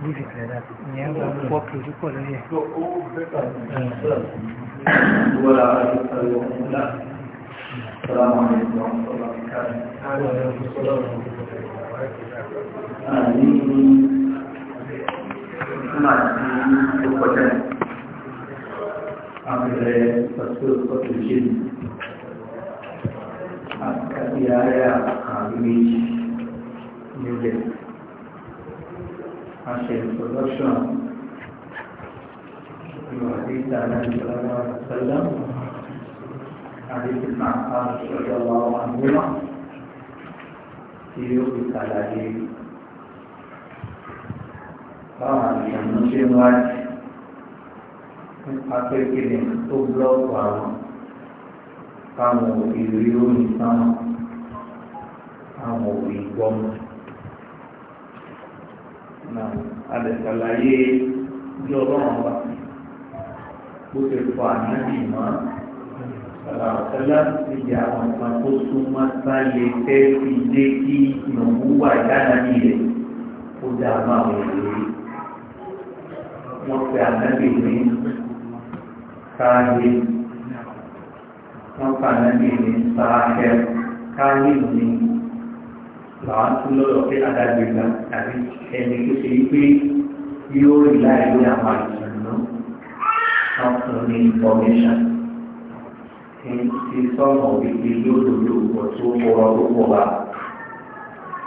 leave it like that ìyẹn wọ́n pọ̀ kìí pọ̀ àṣẹ introduction ìwà àdéhìtà àdáyé ìjọba àtàlá àdéhìtà àṣọjọ àwọn àgbélá tí ó fi kàlàyé báwọn àgbẹ̀mọ́ ṣe ń wáyé nípa pé kí ni tó búlọ́ọ̀kù àwọn táwọn òbí rí lónìí táwọn àwọn àdẹ̀sàlàyé bí ọlọ́run wa bó ṣe fọ ànábì mọ́ ọ̀sẹ̀lá níbi àwọn nǹkan tó súnmọ́ sáyé fẹ́ fi dé kí ìnáwó wà dánábì rẹ̀ ó dá a máa wọ̀ lórí. wọ́n pe ànábì ní káyé wọ́n pe ànábì ní sáákẹ́ káyé ní làwọn tún lọ́dọ̀ pé adágbé gbà tàbí ẹni tó ṣe pé yóò rí láì lórí àwọn àìsàn náà ọkùnrin ní information ti sọ́mọ̀ wípé lódodo ọ̀pọ̀ tó wọ́rọ̀ tó pọ̀ wá.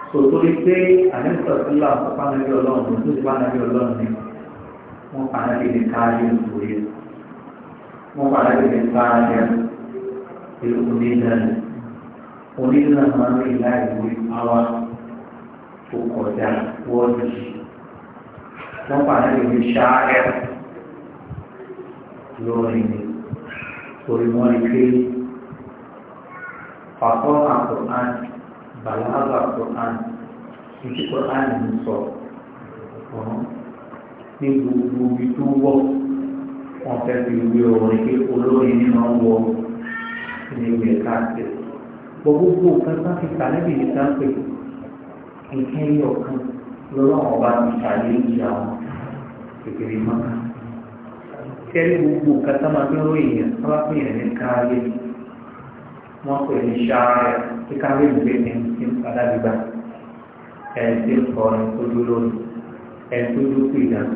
Sòtórí pé àlẹ́sọ̀tìlá pápánàbí ọlọ́run tó ti pánàbí ọlọ́run ni wọ́n pàdánù ní káàdì ìsòrí. Wọ́n pàdánù ní káàdì ìlú ní ìdáná onílà máa ń rí láìwé àwa tó kọjá wọ́ọ̀dù wọ́n pàdé ìwé ṣááyà lórí ni torí wọ́n rí pé pàpọ́ àkùrán bàlágà àkùrán títí kùrán ń sọ ní gbogbo ibi tó wọ́ wọ́n fẹ́ fi wí orin pé olórin ní wọ́n wọ ní ìwé káàkiri gbogbo nǹkan tó ti kà níbi ìta pé nǹkan yìí ọ̀kan lọ́wọ́ ọba ti ṣàlẹ́ ìyá wọn kékeré mọ́ta. Kẹ́rí gbogbo nǹkan tó máa dúró èèyàn tó bá pè yàn ní káyé wọ́n pè ní ṣááyà tí káyé ìgbé ní ti ń padà gbígbà ẹni tí ń kọ ẹni tó dúró ẹni tó dúró pè yàn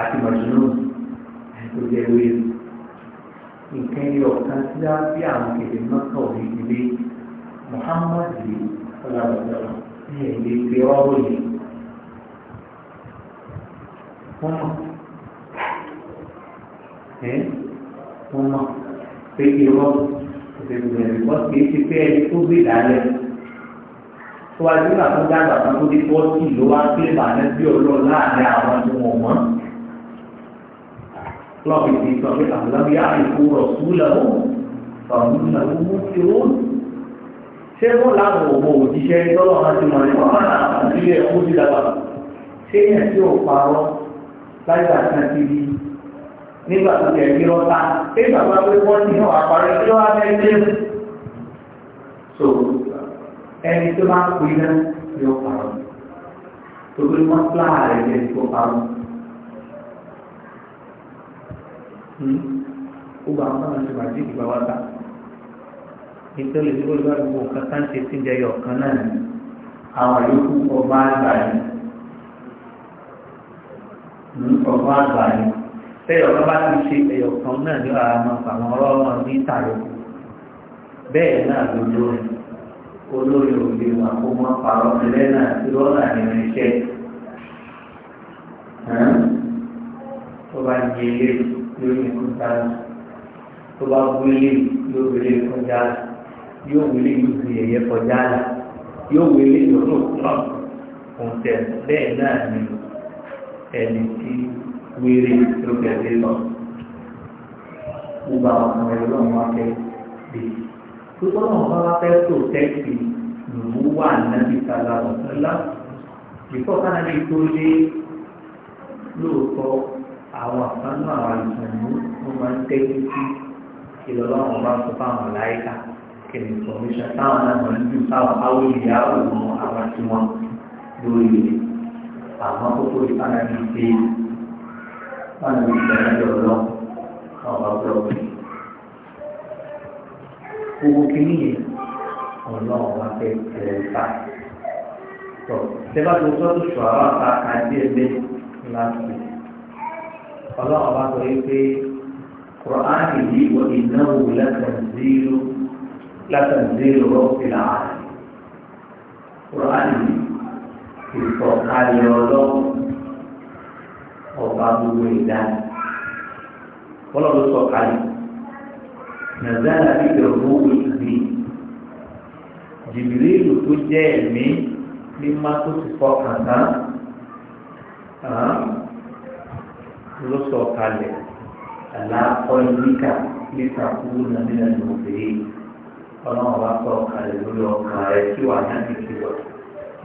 àti màjúnú ẹni tó jẹ́ wíìlì nǹkan ẹyọ kan tí a bí àwọn kèdè mọ́tò ní ilé Muhammad yìí ọlọ́dọ̀dọ̀ ní èdè ti ọ̀rọ̀ yìí wọ́n mọ̀ ẹ́ wọ́n mọ̀ pé irọ́ òṣèlú ẹ̀rí wọ́n kì í ti pé ẹni tó gbé ìdálẹ́ tó wájú àtúndàgbà kan tó dé fọ́ọ̀tì ló wá pé bàánẹ́ bí ọlọ́ọ̀ láàrin àwọn lọ́pì oh, di sọ pé àlọ́bí àìkú rọ̀ súlẹ̀wò fàmúlẹ̀wò mú ti ó mau wọ́n láwọn òwò òjíṣẹ́ tọ́lọ̀ wọn mana? mọ̀ oh, nípa di dalam. Saya ti dàgbà ṣé yẹn tí ò parọ́ láìpẹ́ àti àti ibi nígbà tó ti ẹ̀kí rọ́ta pé bàbá pé wọ́n ti hàn àpárẹ́ tí wọ́n á fẹ́ dé so ẹni tó máa ń pè náà yóò parọ́ torí Hmm. gbogbo àwọn náà ṣe màjí ìgbà wa ta nítorí tí wọ́n bá gbogbo nǹkan tá ń ṣe sí ìjẹ yọ ọ̀kan náà ni àwọn yòókù ọba àgbà ni hmm, ọba àgbà ni bẹ́ẹ̀ ọba bá ti ṣe ẹ̀yọ̀ kan náà ní ara máa fà wọn ọ̀rọ̀ wọn ní ìtàlẹ̀ bẹ́ẹ̀ náà ló lórí olórí òde wà kó mọ́ parọ́ ẹlẹ́ náà tí wọ́n náà nínú iṣẹ́ tó bá ń yẹ lórí ẹ̀kọ́ dáná tó bá wílé yóò wílé kọjá la yóò wílé yóò fi ẹ̀yẹ kọjá la yóò wílé yóò tó kàn òun tẹ̀ bẹ́ẹ̀ náà ni ẹni tí wílé ló gẹ̀ẹ́dẹ́ lọ gbogbo àwọn ọmọ ẹgbẹ́ náà wọ́n fẹ́ dé tó tọ́lọ́ wọn bá fẹ́ tó tẹ́kì lòwú wà nábì sálà ọ̀sán lá ìfọ̀kànnà lè tó lé lóòótọ́ àwọn àkànnú àwọn àlùfẹ̀mú wọn máa ń tẹ́tí sí ìlọ́lọ́ àwọn bá sọ fáwọn láyíká kẹ̀lé ìfọ̀míṣà táwọn náà máa ń dùn táwọn àwọn ìyá òun àwọn tí wọn lórí rẹ̀ àwọn kókó ìpàdé ní pé wọn lè gbẹ̀rẹ̀ lọ́wọ́ àwọn bá gbọ́ pé owó kìíní yẹn ọlọ́run wá fẹ́ tẹ̀lé ta tọ́ tẹ́lá tó tọ́jú ṣọ́ àwọn àtàkà díẹ̀ bẹ́ẹ̀ láti ọlọ́run bá sọ wípé kùránì yìí wọ ìnáwó látàzílò rọ́pìlà kùránì ìfọ̀kalẹ̀ ọlọ́run ọba gbogbo ìdá ọlọ́run sọ̀kalẹ̀ nàzàlà bíbẹ̀ owó ìgbì jìbìrìlù tó jẹ́ ẹ̀mí mímá tó ti fọkàn tán ló sọ kalẹ̀ aláàkọ́líkà nípa kúrú nàmínà lòdì ọlọ́run bá sọ kalẹ̀ lórí ọkàn rẹ̀ kí wà ní àdìkìlọ̀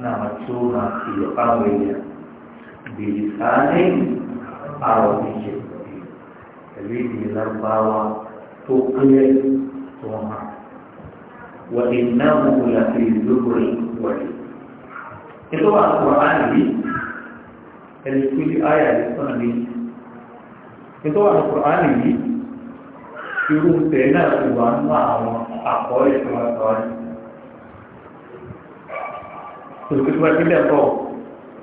náà tó máa kìlọ̀ fáwọn èèyàn bèrè sáárẹ̀ àrùn ìjẹ̀ pẹ̀lú ìdílé lágbáwá tó kéré tó hàn. وإنه لفي الزبر الأول إذا القرآن لي الكل آية للصنبي nítorí àwọn kùránì yìí irú tẹ̀ náà ti wà nínú àwọn àkọọ́lẹ̀ tó wà sọ ẹ́ tòkè tó wà sílẹ̀ pọ̀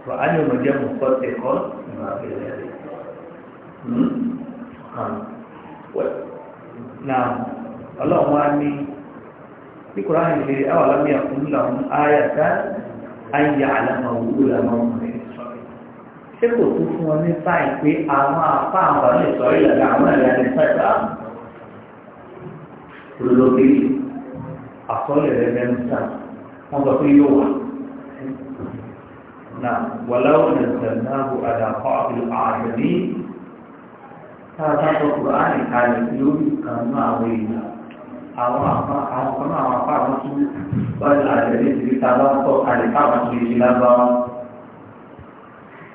kùránì ọmọ jẹ́ mọ̀kọ́ ẹ̀kọ́ ìmọ̀ àbẹ̀rẹ̀ rẹ̀ hmm? náà ọlọ́run wá ní tí kùránì lè awàlámíà fún làwọn ṣé kò tún fún ọ ní báyìí pé àwọn apá àwọn lè sọ ìlànà àwọn ìlànà ìfẹ́ta lóbi àkọọ́lẹ̀ rẹ̀ mẹ́ta wọ́n sọ pé yóò wà na wàláwọ̀ lè sẹ̀dáàbò àdàkọ́ àbílò àdàbí táàtàkọ́ kùránì kalẹ̀ lórí kan àwọn èèyàn àwọn apá àwọn apá àwọn tún bá àdàbí ti fi ta bá ń tọ́ kalẹ̀ káwọn tún lè ṣe lágbára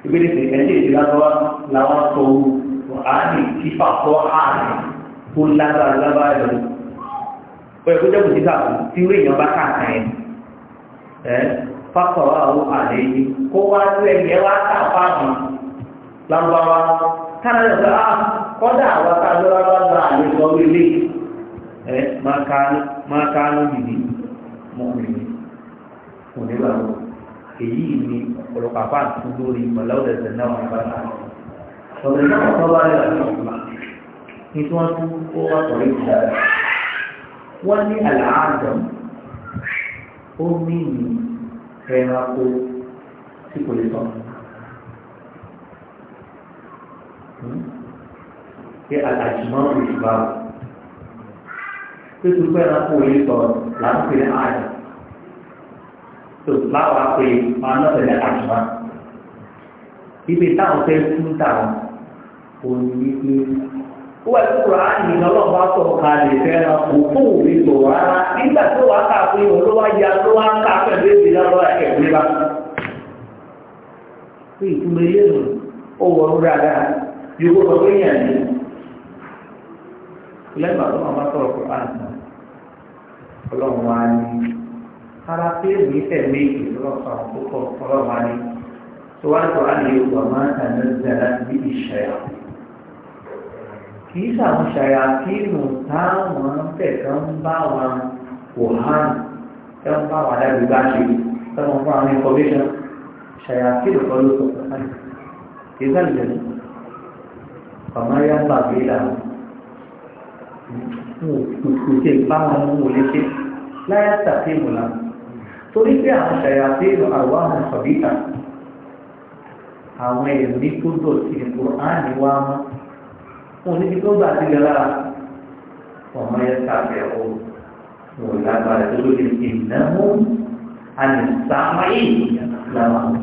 ìgbélé ìgbẹ́lẹ́ ìdílábọ́ làwọn sọ ohun àánì kífà kọ́ ààrẹ tó lágbára lágbára ẹ̀rọ pẹ̀lú tó jẹ́kùn títà tí ó èèyàn bá kàkà ẹ̀ ẹ́ fákọ̀ọ́ àwọn àlẹ́ yìí kó wá sí ẹ̀yẹ wá kà fáàmù lágbára kánádà sọ á kọ́dà àwọn tá a lọ́wọ́ bá gba àlẹ́ sọ wílé ẹ̀ máa ká ló dìbì mọ́kùnrin kò ní bàbá èyí ni ọ̀pọ̀lọpọ̀ àfáàtú lórí ìmọ̀láwọ̀lẹ̀sẹ̀ náà wọn bá náà ọ̀rẹ́ náà wọ́n wá rẹ̀ àti ọ̀pọ̀lọpọ̀ ní tí wọ́n tún ó wá sọ̀rọ̀ ìjà rẹ̀ wọ́n ní àlàáàdọ̀ ó ní ní ẹranko tí kò lè sọ hmm? pé àjùmọ̀ òṣùbà pé tó pẹ́ ẹranko yìí sọ làǹpẹ̀ àjùmọ̀ tòtùbá wàá pé máa náà tẹ̀lé àjùmá ibi táwọn fẹ́ fún táwọn òní ní ó wà ní kura ní ọlọ́run bá tọ̀ ká lè fẹ́ ra kó fún òbí tó rárá nígbà tó wàá kà pé òun ló wá ya ló wá ń kà pẹ̀lú èdè ara pé òní tẹ̀lé ìlọ́pàá púpọ̀ ọlọ́wà ni tó wá tó á lè wà máa tàbí dára bí ìṣẹ̀yà kìí sàwọn ṣàyà kí nù táwọn tẹ̀kan bá wọn wò hàn tẹ́ ń bá wọn dábì bá ṣe tẹ́wọ̀n fún àwọn information ṣàyà kí ló kọ́ ló sọ fún wọn kìí sàlẹ̀ lẹ́nu ọ̀mọ́ yá ń bàbí ìlànà kò tí bá wọn mú wọlé ṣe láyà tàbí ìmọ̀lànà torí pé àwọn ṣàyàtí àwa àṣàbíkà àwọn ẹ̀mí tó dọ̀tí ìpò àníwá mọ́ wọn níbi tó gbà sí gẹ́lára ọmọ yẹn sábẹ̀ ọ wọn lágbára tó lóde ìnáwó àníṣàmáyé làwọn àwọn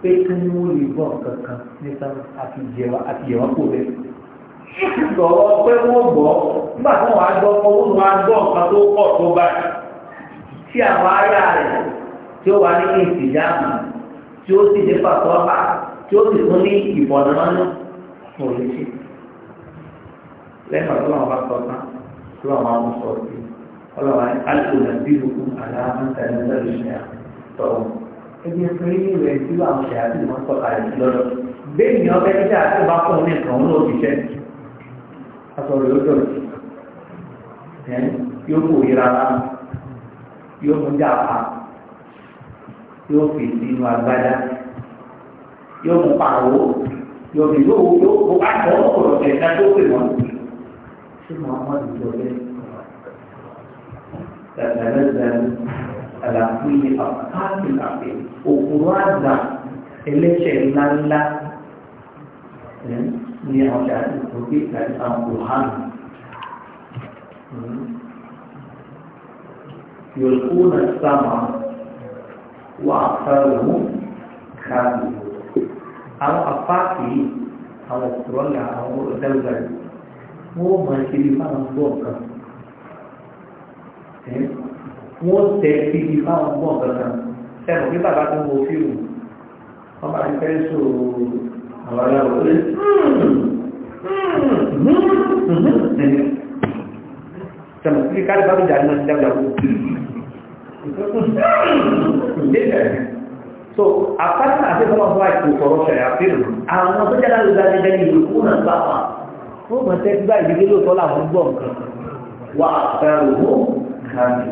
pé kí ni wọ́n lè gbọ́ kankan nípa àfihàn kò bẹ́ẹ̀. sọ̀rọ̀ pé wọ́n gbọ́ nígbà tí wọ́n á gbọ́ owó wọn á gbọ́ nǹkan tó pọ̀ tó báyìí tí àwọn ará rẹ̀ tí ó wà ní ìsìjáàmù tí ó sì ní pàtó ọ̀pá tí ó sì tún ní ìbọ̀nàmọ́nà kò lè ṣe. lẹ́yìn ọ̀dọ́ làwọn bá sọ tán lọ́wọ́ àwọn ọmọ sọ̀rọ̀ sí ọlọ́wọ́ àìsàn àti ìbùkún àlàáfíà ẹ̀ẹ́dẹ́gbẹ̀rún ṣẹ̀yà tọ̀wọ̀. ẹbí ẹ̀fọ́ yìí rẹ̀ tí àwọn ṣẹ̀yà tí wọ́n sọ kalẹ̀ lọ́dọ̀ bẹ́ẹ̀ ọbẹ̀ níta àti ọba fún mi kàn ń lò yóò kò yíra rárá yóò mú jàpá yóò fi sínú agbádá yóò mú pàrọ̀ yóò fi yóò yóò kó àtọ̀ ọ̀rọ̀ tẹ̀ ká tó pè wọ́n. ṣé màá má lè jọ bẹ́ẹ̀? tẹ̀lẹ́tẹ̀lẹ́ àlàfíì àpáàkì àpè òkúrò àgbà ẹlẹ́ṣẹ̀ ńláńlá ní àwọn ṣàtìkù bí ìtàkùn àpò hàn. يلقون السمع وأكثرهم كاذبون àwọn apáàkì àwọn òkúrọ́là àwọn ọ̀dẹ́gbẹ̀rẹ̀ wọ́n máa ṣe bí fáwọn gbọ́ kan wọ́n tẹ̀ sí bí fáwọn gbọ́ kan sẹ́wọ̀n bí bàbá tó ń wo fíìmù wọ́n máa fẹ́ so àwọn aláwọ̀ lé sẹ́wọ̀n bí káàdì bá mi jà ní ọ̀dẹ́gbẹ̀rẹ̀ so apart from that some of why to sọ̀rọ̀ shayatin àwọn tó jala lo dani dani ku na ba ma o ma te gba ibi lo to la mo gbọ́ nǹkan wa aktaruhu kani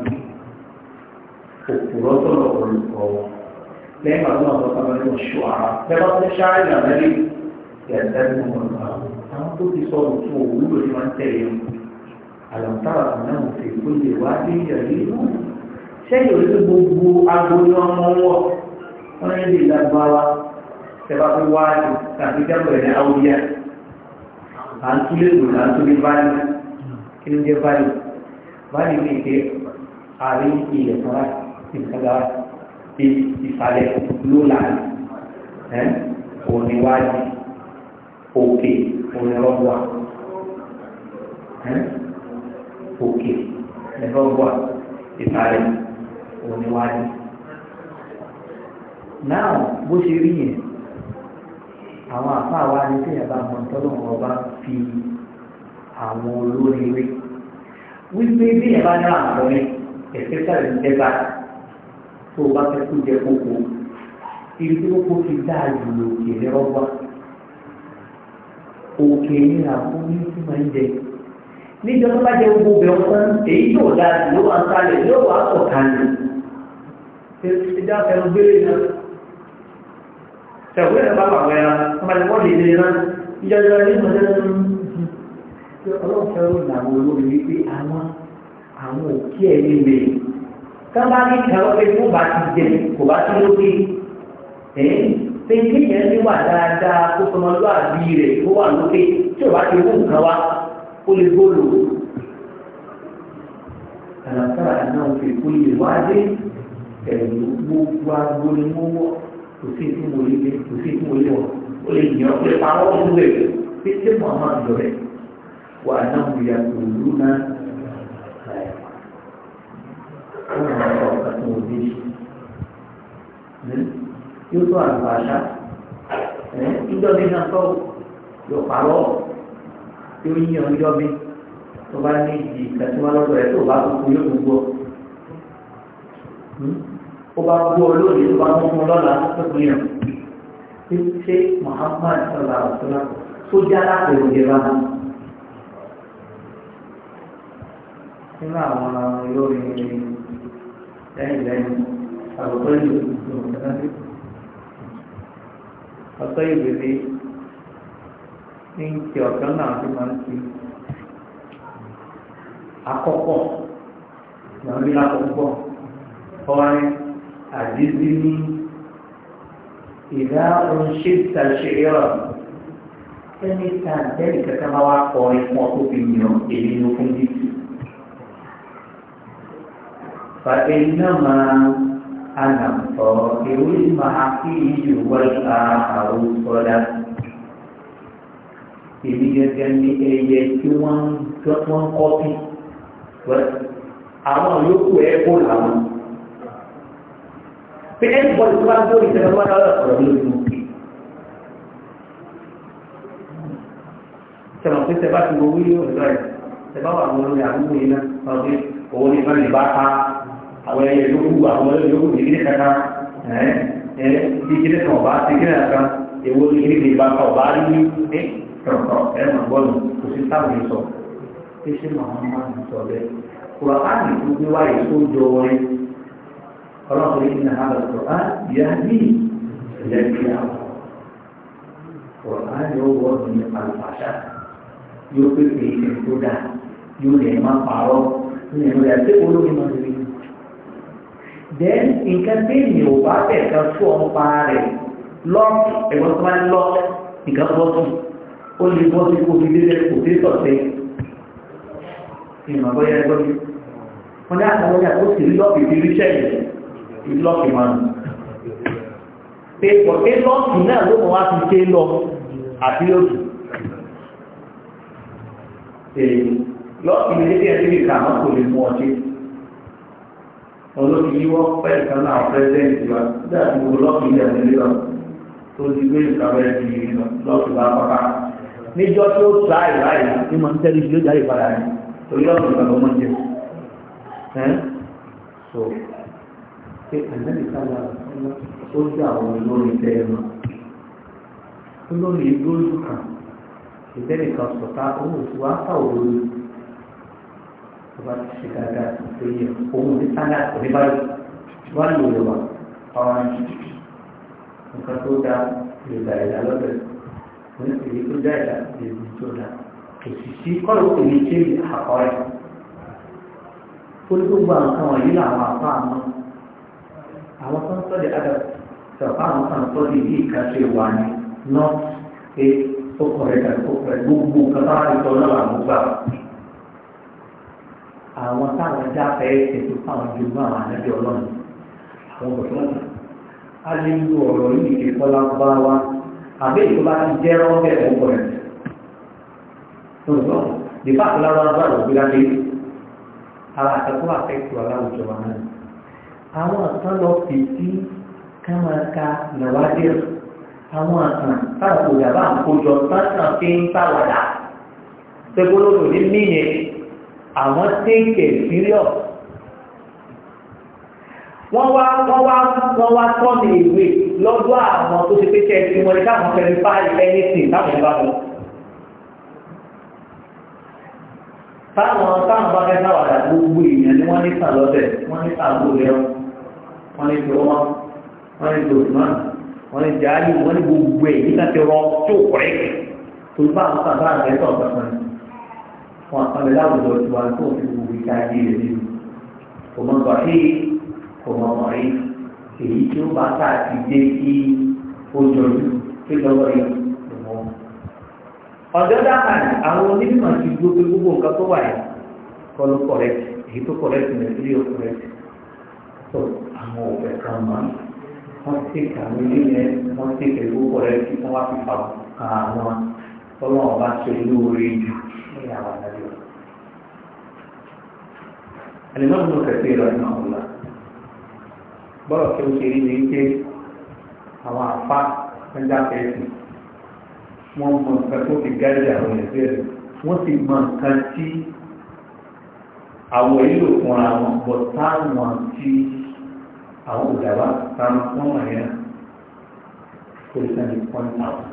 òpùrọ́ tó lọ olùkọ́ wọn lẹ́yìn àwọn ọ̀dọ́ kan lórí oṣù ara lẹ́bàá tó ṣáà ìlà mẹ́rin yàtọ̀ ní wọn lọ àwọn tó ti sọ òtún òwúrò ni wọ́n ń tẹ̀lé wọn sẹ́yìn orí gbogbo agbóyọ ọmọ wọ̀ wọ́n ní lè lágbára tẹ́bá fi wá tàbí jábọ̀ ẹ̀dá àwùjá à ń túlé lò à ń túlé báyìí kí ló jẹ́ báyìí báyìí ní ìpè àrí ilẹ̀ kan láti ìgbàgbà bí ìsàlẹ̀ ló láàyè ẹ̀ òní òkè òní òkè ẹ̀rọ wà òníwájú náà bó ṣe rí yẹn àwọn àfáà wa ní sèyàn bá mọ tọ́lọ́wọ́ ọba fi àwọn olórí rí wípé bí yẹn ní àkọrin ẹ̀fẹ́ ń dẹ́gbà tó o bá fẹ́ kó jẹ kókó ibi tí kókó ti dáa jù lòkè lẹ́rọ́gbà òkè ní àpò ní tí máa ń jẹ níjọba bá jẹ gbogbo bẹ̀rù tán èyí yóò dáa ló wà ń sálẹ̀ ìjá ẹ̀rọ gbélé náà tẹ̀wé ẹ̀ bá pàwẹ́ ya ọmọdé wọ́n lè lè náà ìjá ìjá ní ìmọ̀lẹ́ ọlọ́fẹ́rún làwọn olórin wípé àwọn àwọn òkè ẹ̀ nílé kábà ní kẹrọ pé kó bá ti jẹ kó bá ti lókè ẹ̀yìn pé kéèyàn níwà dáadáa kó sọmọlúwàbí rẹ̀ tó wà lókè tí ò bá ti wú nǹkan pẹ̀lú gbogbo agbo ni mo wọ̀ kò sí ikú mo lé kò sí ikú mo lé wọ̀ ó lè yàn ó lè parọ́ ó lè pé ṣé mo máa ń jọ rẹ̀ wà náà mo yà kò lù náà ó máa sọ ọ̀kan tó ń bí yóò tó àgbà àṣà ìjọbi náà tọ́ yóò parọ́ yóò yíyan ìjọbi tó bá ní ìdí ìkàtúmọ̀ lọ́dọ̀ rẹ̀ tó bá kúkú yóò gbogbo ó bá gbó olóòlì ó bá mú fún lọ́la pẹ̀lú yẹn tí ṣe Muhammad sọlá ọ̀sọ́lá sójà lápẹ̀rù ìjẹba náà nínú àwọn olórin lẹ́yìn lẹ́yìn àgbẹ̀kọ́ ìlú ọ̀sọ́ ìbèbè ní ti ọ̀kan náà ti máa ń ti akọ́kọ́ ìyàwó ìlà àkọ́kọ́ ọ̀rin àdídíní ìdá oníṣẹ́ta ṣẹ̀yọ́rọ̀ ẹni tá bẹ́ẹ̀ kankan bá wá kọ ẹ̀fọn tó fi yàn èyí ló fún títì. فإنما أنا الطاهر المحكي والآخر الصلاة èmi gẹ́gẹ́ ní ẹyẹ tí wọ́n ń kọ́pì àwọn yòókù ẹ̀ kó làwọn pé ẹnìbọ̀dì tó bá ń dórí ìṣẹ̀lẹ̀ wọn lọ́wọ́ ọ̀rọ̀ lórí mu. sọ̀rọ̀ pé sẹ́bá ti wo wílé ọ̀dọ́ ẹ̀ orang wà wọn lórí àbúrò yìí náà sọ pé òun ní ìbáni bá ta àwọn ẹyẹ yòókù àwọn ẹyẹ yòókù ní ìdílé kankan ẹ ẹ ìdílé kan ọba ini kankan èwo ní Eh, ìbá kan ọba boleh ní ẹ kọ̀ọ̀kan ẹ mà gbọ́dọ̀ kò sí táwọn sọ pé ṣé màá máa sọ فنقول إن هذا القرآن يهدي إلى القرآن يوضع من الفحشاء يوقف به الهدى يلهم الطعام يلهم الأسئلة يلهم الدين then nǹkan tí mi ò bá tẹ̀ka fún ọmọpa rẹ̀ lọ́ọ̀kì ẹ̀gbọ́n tó máa ń lọ́ọ̀kì nǹkan bọ́ sí ó lè bọ́ sí kó fi délé kò dé sọ̀tẹ́ ìmọ̀ bóyá ẹgbọ́n mi wọ́n ní àtàwọn ọjà tó sì rí lọ́ọ̀kì fi rí sẹ́yìn ìlọ́ọ̀kì máa nù pé pọ̀tẹ́ lọ́ọ̀kì náà ló mọ̀ wá ti ṣe lọ àti lóòtù lọ́ọ̀kì ní ilé ẹ̀sìn ìka àwọn kò lè mú ọtí olóòtú yìí wọ́n pẹ́ ìkan náà pẹ́sẹ́ǹtì wa dáàbò lọ́ọ̀kì ilé ẹ̀sìn ìlú tó ti gbé ìkàwé ẹ̀sìn ìlú lọ́ọ̀kì bá pápá níjọ́ tó ta ìwà ìlú ní mọ̀ ń tẹ́lẹ̀ ìlú jáde padà ní torí lọ́ọ̀kì ìgbàgbọ́ mọ́ jẹ́ pé àlẹ́nìkàlà ó dá àwọn olórin tẹ́ ẹ mọ́ olórin ìlú ojú kan ìtẹ́nìkan sọ̀tá òun ti wá fà òun tó bá ti ṣe dáadáa tó yẹ òun ní sáńdà oníbàlù wá lò lè wà ọ̀rọ̀ nǹkan tó dá lè gbà ẹ̀dá lọ́bẹ̀ wọ́n ti rí tó dá ẹ̀dá lè rí tó dá kò kọ́lù kò ní ṣe àkọ́rẹ́ ó ní gbogbo làwọn àpá àmọ́ àwọn tó ń sọ́dẹ̀ adà sọ̀rọ̀ àwọn kan sọ́dẹ̀ bí ìkàṣe wà ní north a ó kọ̀rẹ́ tàbí ó kọ̀rẹ́ gbogbo nǹkan bá rí sọ náà àwọn gbà àwọn táwọn já fẹ́ ètò fáwọn jogún àwọn àdájọ́ ọlọ́run àwọn bọ̀dọ́ a lè lo ọ̀rọ̀ yìí kí kọ́lá bá wa àbí ìtura jẹ́ rọ́ọ̀bẹ̀ ọ̀pọ̀rẹ́ lọ́sọ̀rọ̀ nípa àtúlára bá lọ́gbẹ́lá dé ara àtẹ̀kọ́ àfẹ́kù aláwùjọ wa náà àwọn kan lọ fèsì ká máa ka nàwádìí àwọn àtàn táwọn kò dàbà àkójọ tásán fi ń pàwàdà ṣẹgbọ́lódò ní míyẹn àwọn tẹ́kẹ̀ síríọ̀ wọ́n wá wọ́n wá wọ́n wá tọ́nù ìwé lọ́dọ̀ àwọn tó ṣe pé kẹ́ ẹ ti wọlé káwọn fẹ́ẹ́ fà ẹnìtìn táwọn bá wọn. táwọn táwọn bá fẹ́ sáwàdà gbogbo èèyàn ni wọ́n ní sàn lọ́bẹ̀ wọ́n ní sàn lóde ọ̀hún wọ́n lè jọ wọn wọ́n lè jọ ìmọ̀ wọ́n lè jẹ́ ààyè wọ́n lè gbogbo ẹ̀ nígbà tí wọ́n tó kọ̀rẹ́ tó bá àwọn sábà rẹ̀ tọ̀ gbọ̀ngàn wọn àpamẹ́ láwùjọ tí wọ́n tó fi gbogbo ìta ayé rẹ̀ nínú kò mọ̀ gbàgbé kò mọ̀ mọ̀rí èyí tí ó bá ká ti dé kí ó jọjú kí lọ́wọ́ yìí ló mọ̀ ọ̀dọ́ dáhàní àwọn onímọ̀ ti gbogbo gbogbo nǹkan tó wà yẹn kọ́ ló kọ̀rẹ́ èyí tó kọ̀rẹ́ àwọn òfẹ́ kan mọ́ wọ́n ti kàwé nílẹ̀ wọ́n ti kẹ̀lú ọ̀rẹ́ tí wọ́n wá fi fà kàn àwọn ọlọ́run ọba ṣe lóore jù ní àwọn àdájọ́. àlejò ọ̀gbìn kẹ̀kẹ́ ìrọ̀lẹ́ náà wọ́n la bọ́lọ̀ tí ó ṣe rí ni pé àwọn àfa ń dákẹ́ ẹ̀sìn mọ nǹkan tó fi gáàdì àwọn ẹ̀sìn ẹ̀sìn wọ́n sì mọ nǹkan tí àwọn èlò fúnra wọn bọ̀ táwọn tí àwọn òdàwà táwọn wọn wà yẹn kó lè sáré pọ́n táwọn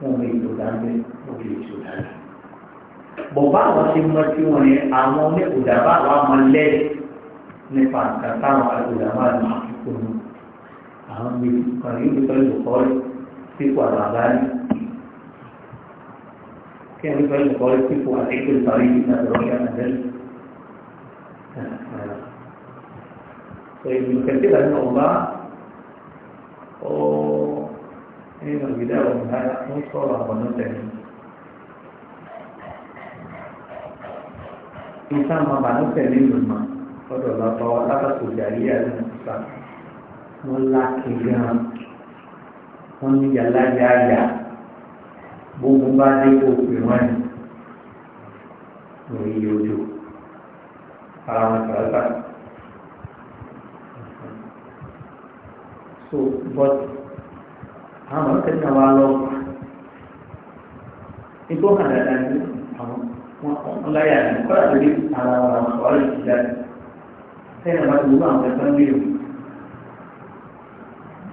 wọn bẹ ètò dáńbẹ wọn bẹ ètò dáńbẹ. bọ̀bá àwọn ṣe mọ sí wọn yẹn àwọn ní òdàwà wà máa lẹ́ nípa àgbà táwọn òdàwà máa fi kó nù àwọn mi kàn yín ló fẹ́ lò kọ́ sípò àbàbá yìí كان يفعل مقارب كيف هو على حكم الطريق مثلا رجع مثلا ابن كثير رحمه الله وإن البداية والنهاية مصورة وننتهي إنسان ما بعد سنين لما قد الله طوال لقد تجارية للإنسان ولا كيان wọ́n ní yàrá yáyà gbogbo bá dé òpin wọn ni lórí ojú ara wọn sọ̀rọ̀ sàkó. so but àwọn akẹ́kẹ́ náà wá lọ nígbà wọn dàda ní àwọn wọn láyà ní kọ́lá tó dé ara wọn àwọn ọ̀rọ̀ yìí jáde sẹ́yìn àwọn àti gbogbo àwọn ẹ̀fọ́ ń gbèrò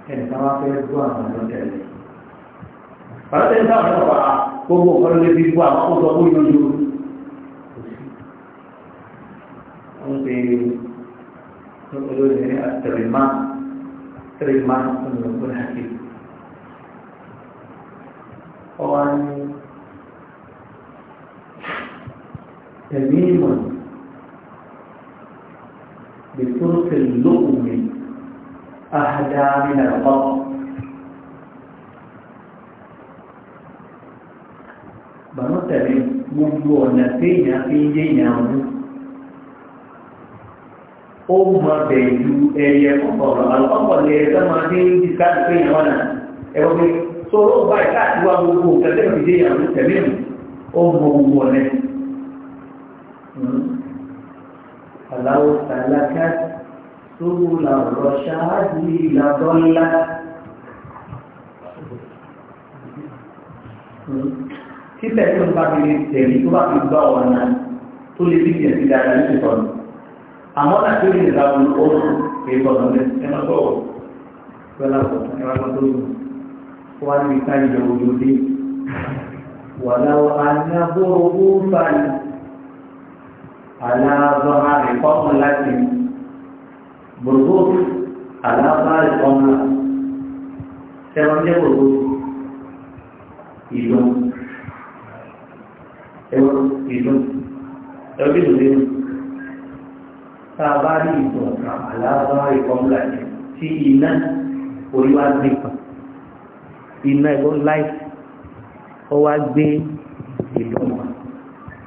ẹnìkan wá fẹ́ gbọ́ àwọn ọ̀dọ́ tẹ̀lé. bàbá tẹ̀lé sáà fẹ́ wà á gbogbo ọ̀pọ̀lọ́ lè fi gbọ́ àwọn ọ̀pọ̀ tó yọ yọ. wọ́n pe olórí ní àtẹ̀lẹ́má terima menurut hati. Orang تميما بطرق اللؤم أهدى من القطر بنو تميم منذ نتينا في جينا منه ó mọ bẹ̀rù ẹ̀yẹ ọ̀rọ̀ àlọ́pọ̀ lè ẹ̀sẹ̀ máa ní ìdíkàtí pé ìyàwó náà ẹ̀rọ pé tó ló bá ìta àti wá gbogbo kẹsẹ̀ òdìdé ìyàwó tẹ̀lé mi ó mọ gbogbo ọ̀lẹ́. aláwo sàlákà tó làwọ̀ ṣáájú ìlàbọ̀ ńlá. títẹ̀ tó ń bá mi fi gbọ́ ọ̀nà tó lè fi tẹ̀sí dáadáa ní ìtọ́nù àmọ́ àti orí ìlà oòrùn èèkọ̀ lọ́nà ẹmọ́gbọ́wọ̀ gbọ́lápọ̀ ẹmọ́gbọ́wọ̀ wà ní ìta ìjọ òjò dé wà láwọ́ alábòrò fàní aláàbọ̀ àrẹ̀kọ́mọ̀ láti gbogbo aláàbọ̀ àrẹ̀kọ́mọ̀ tẹ́wọ́n ìlú ẹ̀wọ̀n ìlú ẹ̀wọ̀n ìlú tá a bá rí ìtàn kan àlàáfà ìkọmúlà tí iná orí wa gbé kan iná ẹ̀gbọ́n láìsí ọ wá gbé ìtàn kan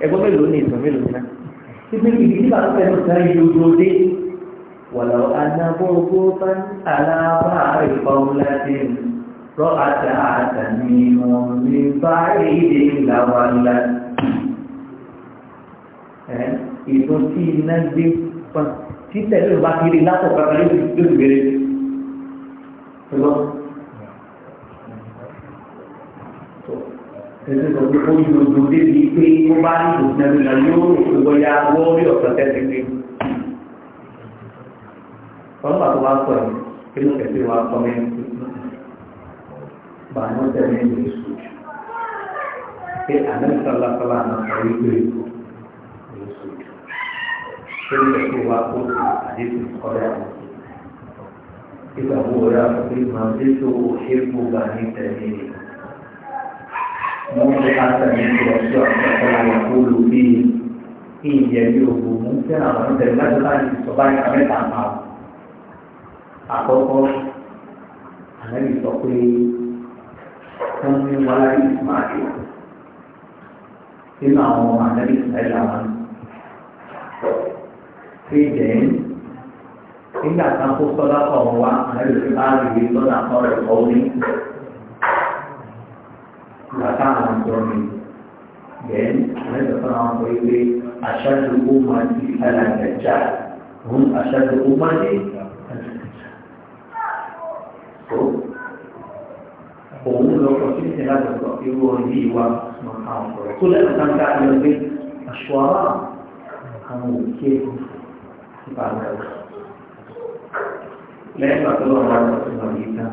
ẹ̀gbọ́n mélòó ní ìtàn mélòó ní náà títí ìdí nígbà tó fẹ́ẹ́ sọ yìí lójú dé wàlọ́ bá àlàáfà ìkọmúlà tí rọ́ àtà àtàmì wọn ní bá èdè làwọn àlà ìtàn tí iná gbé tí tẹ̀lé ìwà kiri látọ̀ pẹ̀lú lóṣù gbére lọ. Ẹ̀sìn sọ pé ó yí ojú débi pé ó bá ní ìdòtí náà yóò gbogbo ya wọ́n rí ọ̀sán tẹ́sí pé. Ọlọ́pàá tó wá sọ ẹ̀ kí ló kẹ̀sí wa sọ mẹ́rin tó bàánú tẹ̀lé ìwé sùn. Pé àná ìsọ̀lá sọ́lá àná sọ wípé شركة هو قلت حديث القرآن إذا هو رأى في المنزل أحب بني تميم موضع تميم وسوء فلا يقول فيه إن يبيه ممكن أن أنت لا تلعب الصباح كمية عن بعض أقول النبي صلى الله عليه وسلم ولا إسماعيل إن أمام النبي صلى الله عليه وسلم fi dẹ́yìn nígbà kan kó sọ́dá kan wá àyè tó bá rí i lọ́dà kan rẹ̀ kọ́ ní bàtà àwọn ìjọ mi dẹ́yìn àyè tó sọ́dá wọn pé aṣáájú ó máa di alàgbẹ̀já òun aṣáájú ó máa di alàgbẹ̀já. òun lọ sọ sí ìṣẹ̀lá ìjọba irú orí ìwà àwọn ọ̀rọ̀ tó lẹ́nu sáńtà ló gbé aṣọ àwọn òkè òfò padre. Lei ha lavorato sulla vita,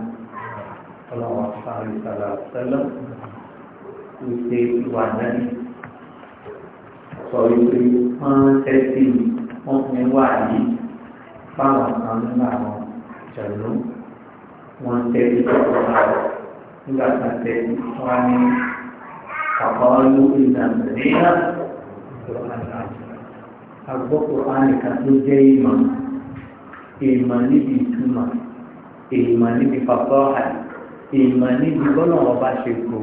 Allah Sallallahu Alaihi Wasallam, cui si guardano, poi si mantetti, non ne guardi, fanno andare giorno, mantetti trovare, guardate, quando, a poi lui da Medina, lo agbọ́pọ̀ ánìkà tó jẹ́ ìmọ̀ ìmọ̀ níbi ìtumọ̀ ìmọ̀ níbi pàpọ̀ àì ìmọ̀ níbi bọ́nà ọba ṣe kó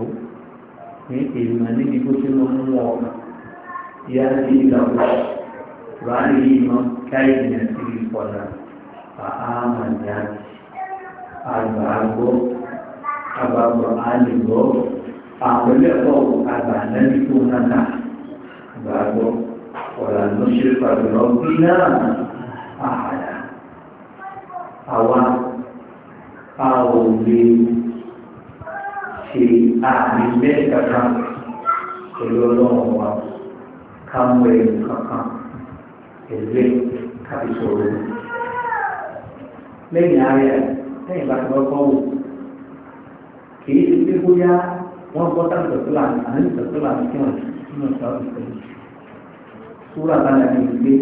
ní ìmọ̀ níbi bó ṣe mọ́ mú ọ̀nà ìyá sí ìlàwọ̀ ránì ìmọ̀ káyìnà sí ìfọ̀nà àhámà ní àgbà àgbọ̀ àgbàgbọ̀ ánìgbọ̀ àwọn ẹlẹ́kọ̀ọ́ àgbà náà ní kó náà àgbà ولا نشرك بربنا أحدا àwa a ò lè ṣe àmì mẹ́ta kan pẹ̀lú ọlọ́run wa ká mú ẹ̀rù kankan ẹ̀lẹ́ káfí sọ̀rọ̀ lẹ́yìn ààrẹ lẹ́yìn bá ti wọ́n kọ́ wò kì í ṣe pé bóyá wọ́n súrà bàlá ní ìgbé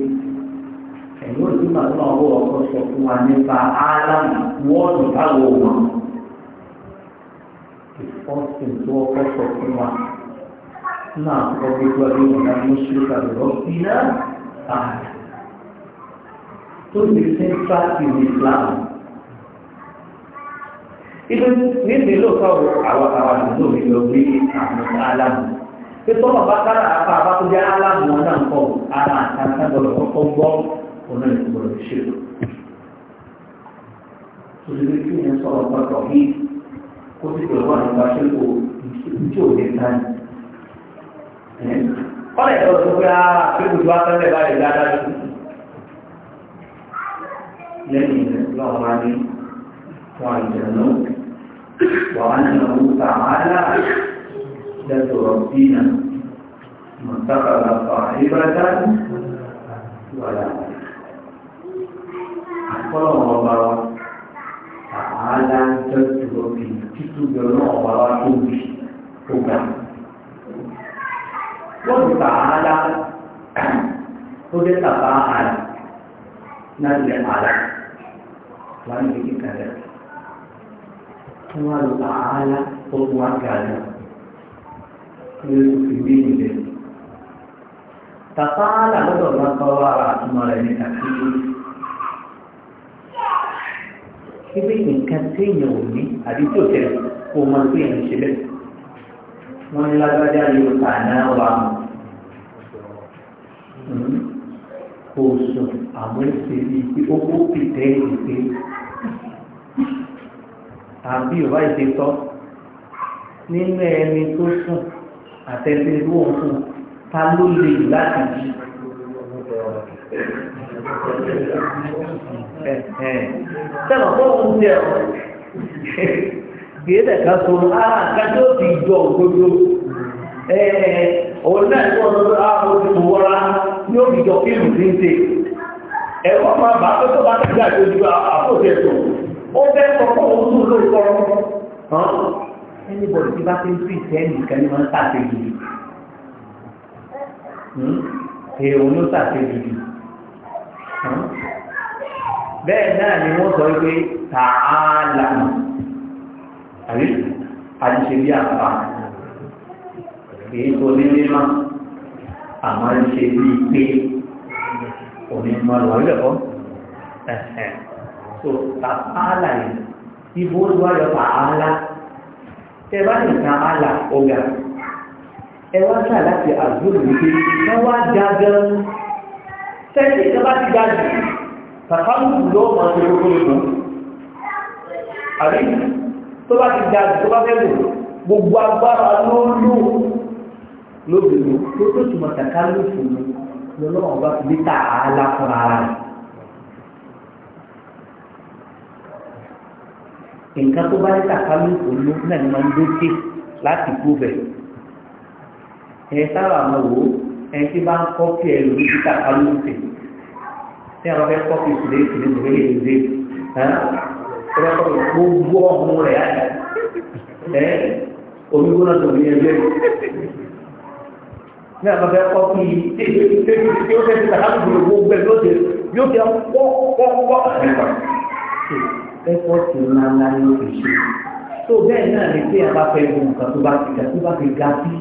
ẹ̀yìn òsì máa tó náà wọ́n ọkọ̀ sọ fún wa nípa álámù wọ́ọ̀dù báwo wọn ìfọ́sìn tó ọkọ̀ sọ fún wa náà kọ́ gbogbo ẹgbẹ́ wọn náà mú sílùkà lọ́wọ́ iná ààrẹ tó ti central in Islam ilé nídìí lóòótọ́ àwọn àwọn àdúgbò mi lọ gbé àwọn álámù pé tọ́lọ̀ bá kára àpá àbákúndé aláàbò náà ń kọ́ ara àtàkà gbọ́dọ̀ kọ́kọ́ gbọ́ ọ̀nà ìgbọ̀dọ̀ ṣe lò. Tòlùbí kí ni sọ̀rọ̀ pàtó yìí kó sì pè wọ́n àgbà ṣe kò tí ò lè ta ni. Ọ̀rẹ́ ìtọ́jú tó pé á àpéjùjú afẹ́fẹ́ báyìí dáadáa jù. Lẹ́yìn lọ́wọ́ máa ní wọn ìjẹun náà wà á nà ó tà á عزة ربنا ما اتخذ صاحبة ولا أخبره الله تعالى جد ربنا كتب الله وراءه حكم وتعالى وجد تعالى نزل على وأنت كذلك الله تعالى هو كذلك lórí tó fi gbé ìlẹ̀. Tàpá làlọ́dọ̀ bá kọ́ ara àtúmọ̀ rẹ̀ ní kàkiri. Ibi nǹkan téèyàn ò ní àbí tí ò tẹ̀ kó máa pé èèyàn ṣe bẹ́ẹ̀. Wọ́n ní lágbájá yóò tà náà wà mọ̀. Kò sùn àwọn ẹsẹ̀ bíi pé ó kó pìtẹ́ ìpè. Àbí ìwà ìṣètọ́ nínú ẹni tó sùn àtẹ̀sí irú òfin ta ló lè láti jí. sẹ́wọ̀n fún òun jẹ́ ọ̀ gbèdè kan so ah kájọ́ ti jọ òdodo òun náà tó ọdún àwọn oṣù wọ́ra ní òbíjọ fíìmù sí ń ṣe ẹ̀kọ́ máa bá pé tó bá tẹ̀lé àjọjú àpòjẹ̀tò ó fẹ́ sọ fún òun tó lóòótọ́ anybody tí bá ti ń pè sẹ́ẹ̀lì kan ní wọ́n ń sàṣejù èrò ló se jù bẹẹ náà ni wọn sọ pé tààlà àbí àṣìṣe bí àpá kìí kó ní má àmọ ń ṣe bí pé òní mọ́ lọ ẹ lẹ́kọ́ so tààlà yìí ibo ló wá á tààlà. tẹ́wá nìkan àlà ọ̀gá ẹwà sà láti àgbòrò wípé ẹwà dáadáa tẹ́lẹ̀ ìjọba ti ga jù tàbálù lọ́wọ́ máa ṣe gbogbo ìlú àrí tó bá ti ga jù tó bá fẹ́ lò gbogbo agbára ló lò lóbìnrin tó tó túmọ̀ tàkálù fún lọ́wọ́ bá fi lítà àálá fún ara rẹ̀ nǹkan tó bá ní kàkálù òun náà ni máa ń dókè láti kú bẹ̀. ẹ sábà mọ wò ó ẹni tí bá ń kọ́pì ẹ lórí tí kàkálù ń tẹ̀. ní àwọn fẹ́ kọ́pì ìṣẹ̀lẹ̀ ìṣẹ̀lẹ̀ ìṣẹ̀lẹ̀ ìṣẹ̀lẹ̀ ìṣẹ̀lẹ̀ ìṣẹ̀lẹ̀ gbogbo ọ̀hún rẹ̀ àjà ẹ omi gbóná tó ní ẹgbẹ́ ní àwọn fẹ́ kọ́pì tí ó fẹ́ ti kàkálù gbogbo ẹ lóde yóò fi ọkọ̀ ọkọ̀ ọkọ̀ ẹ́fọ́ọ̀tì ńlá ńlá ní oṣù ṣe tó bẹ́ẹ̀ náà ni pé ẹ̀ka fẹ́ gun nǹkan tó bá ti kà tó bá ti ga sí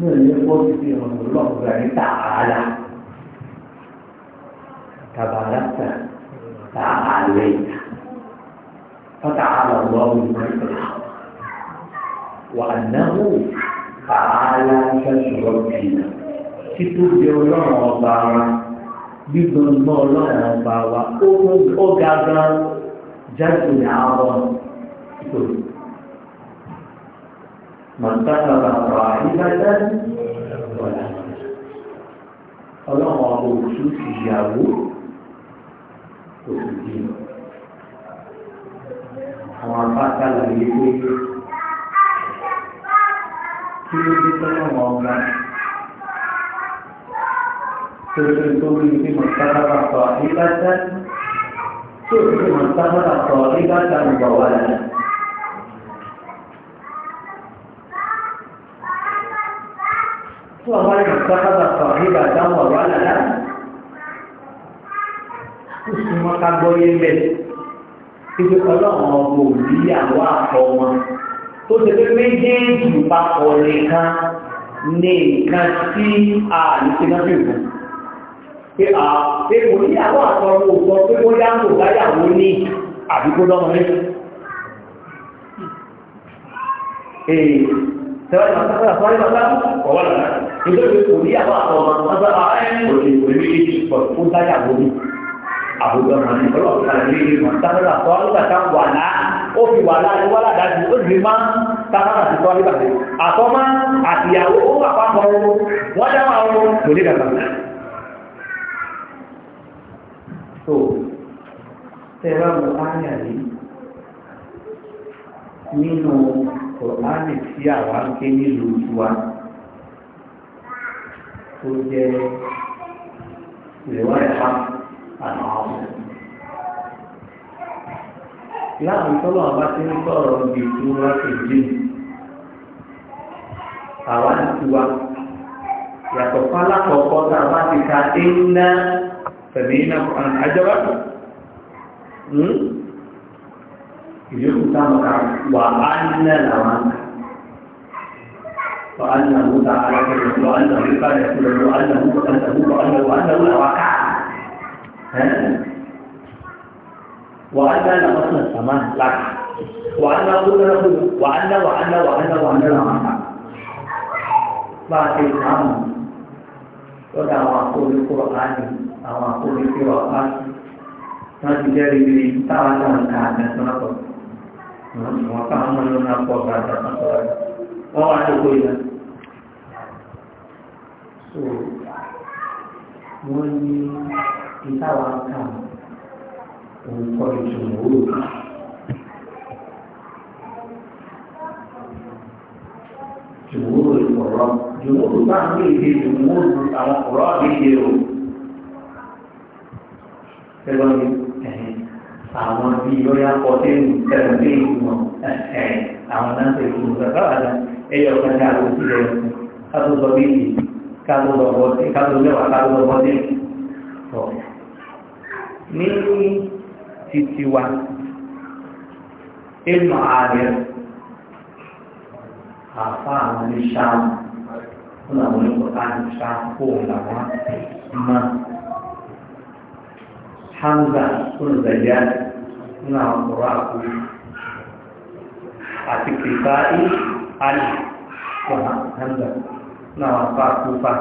náà ní ẹ́fọ́ọ̀tì fi hàn lọ́kùnrin rẹ̀ ní tààlà tàbàlà tà tààlà ìta fọ́tàlà ọlọ́run ní ìpínlẹ̀ wà náwó tààlà ìṣẹ́sọ̀rọ̀ bìnnà títóbi ọlọ́run ọba wa gbígbóná ọlọ́run ọba wa ó ga gan-an. جد العظم من كتب راحلة ولا ọlọ́run ọba òṣù ìyàwó òṣù dì àwọn abáta làyè pé kí ló dé tọ́lọ́run ọba tó ṣe tó rí pé mọ̀tàlá bàbá ìbátan. شوف من صبر صاغبة ضوالا وهو من صبر صاغبة ضوالا Kùsùmọ́ ká gbọ́yé mẹ́. Ibi ọlọ́run ọgbò níyàwó àtọ̀ wọn. Tó ṣe pé méjèèjì papọ̀ nìkan ní nǹkan tí a lè ṣe náà fi wù. Pé àwọn èkó níyàwó àtọ́rọ̀ òkọ pé ó yá ń kò báyàwó ní àdúgbò lọ́mọ ní. Èyí tẹ́wọ́n ìgbà sọ́kọ́ àtọ́rọ̀ ìgbà sọ́kọ́ ọ̀wọ́ lọ́la. Nítorí kò níyàwó àtọ́rọ̀ ọ̀sán àárín kò lè wọlé méjì pọ̀ tó báyàwó ní. Àbúgbà máa ní ọlọ́ọ̀ta ní ilé ìmọ̀ tábìlì àtọ́rọ̀ nígbà tá wà náà ó fi wà láàrin wá ládàájú ó sì máa tábàrà sí tọ́líbàdé àtọ́mọ́ àtìyàwó ó wà pápọ̀ wọn dáwọn àwọn kò ní dàgbà náà tó tẹ́wà mọ́ áyà yìí nínú kòránì tí àwa ń ké nílùú tiwa tó jẹ́ ìrẹ̀wá ẹ̀ka àná láàrín tọ́lọ́ àbá ti ń sọ̀rọ̀ ibi tí wọ́n ti dì àwa ń tiwa yàtọ̀ fálákọ̀ọ́kọ́ tá a bá ti ka ẹ̀ ń ná. سمينا قرآن عجبا يجب سامك وأن لوانك وأنه تعالى كلمة وأنه قال يقول وأنه وأنه وأنه وأنه لواقع وأن لمسنا السماء لك وأن قلنا له وأن وأن وأن وأن لواقع بعد الإسلام ودعوة القرآن àwọn akólókè wà pàṣẹ wọn ti jẹ́rìí bí táwọn náà ká àgbẹ̀sán pọ̀ wọn ká wọn lọ náà pọ̀ bá àgbẹ̀sán pọ̀ rẹ̀ wọ́n wá lóko ìlà. so wọ́n ní ìtawà ká òun kọ́ ìtumọ̀ òwò kan. jùmúrò ìfọ̀rọ̀ jùmúrò bá ń gbé ìdè jùmúrò àwọn ọ̀rọ̀ àgbègbè o ẹgbẹ́ mi àwọn bí lóyá pọ̀tẹ́ẹ̀nù tẹ̀lé ìgbìmọ̀ àwọn náà tẹ̀lé ìgbìmọ̀ kàkà àdá ẹyọ kàkà àwọn òṣìṣẹ́ ẹ̀sìn kátó sọ bí ìdí kátó lọ bọ́tí kátó lẹ́wà kátó lọ bọ́tí tọ̀ ní títí wa ìmọ̀ ààrẹ àfa àwọn oníṣàmù fún àwọn oníkọ̀ọ́ta oníṣàmù kó làwọn máa Hamza bin Zayyad nínú àwọn ọ̀rọ̀ àkú àti Kìfáì Ali Kọ̀hà Hamza nínú àwọn afá àkúfà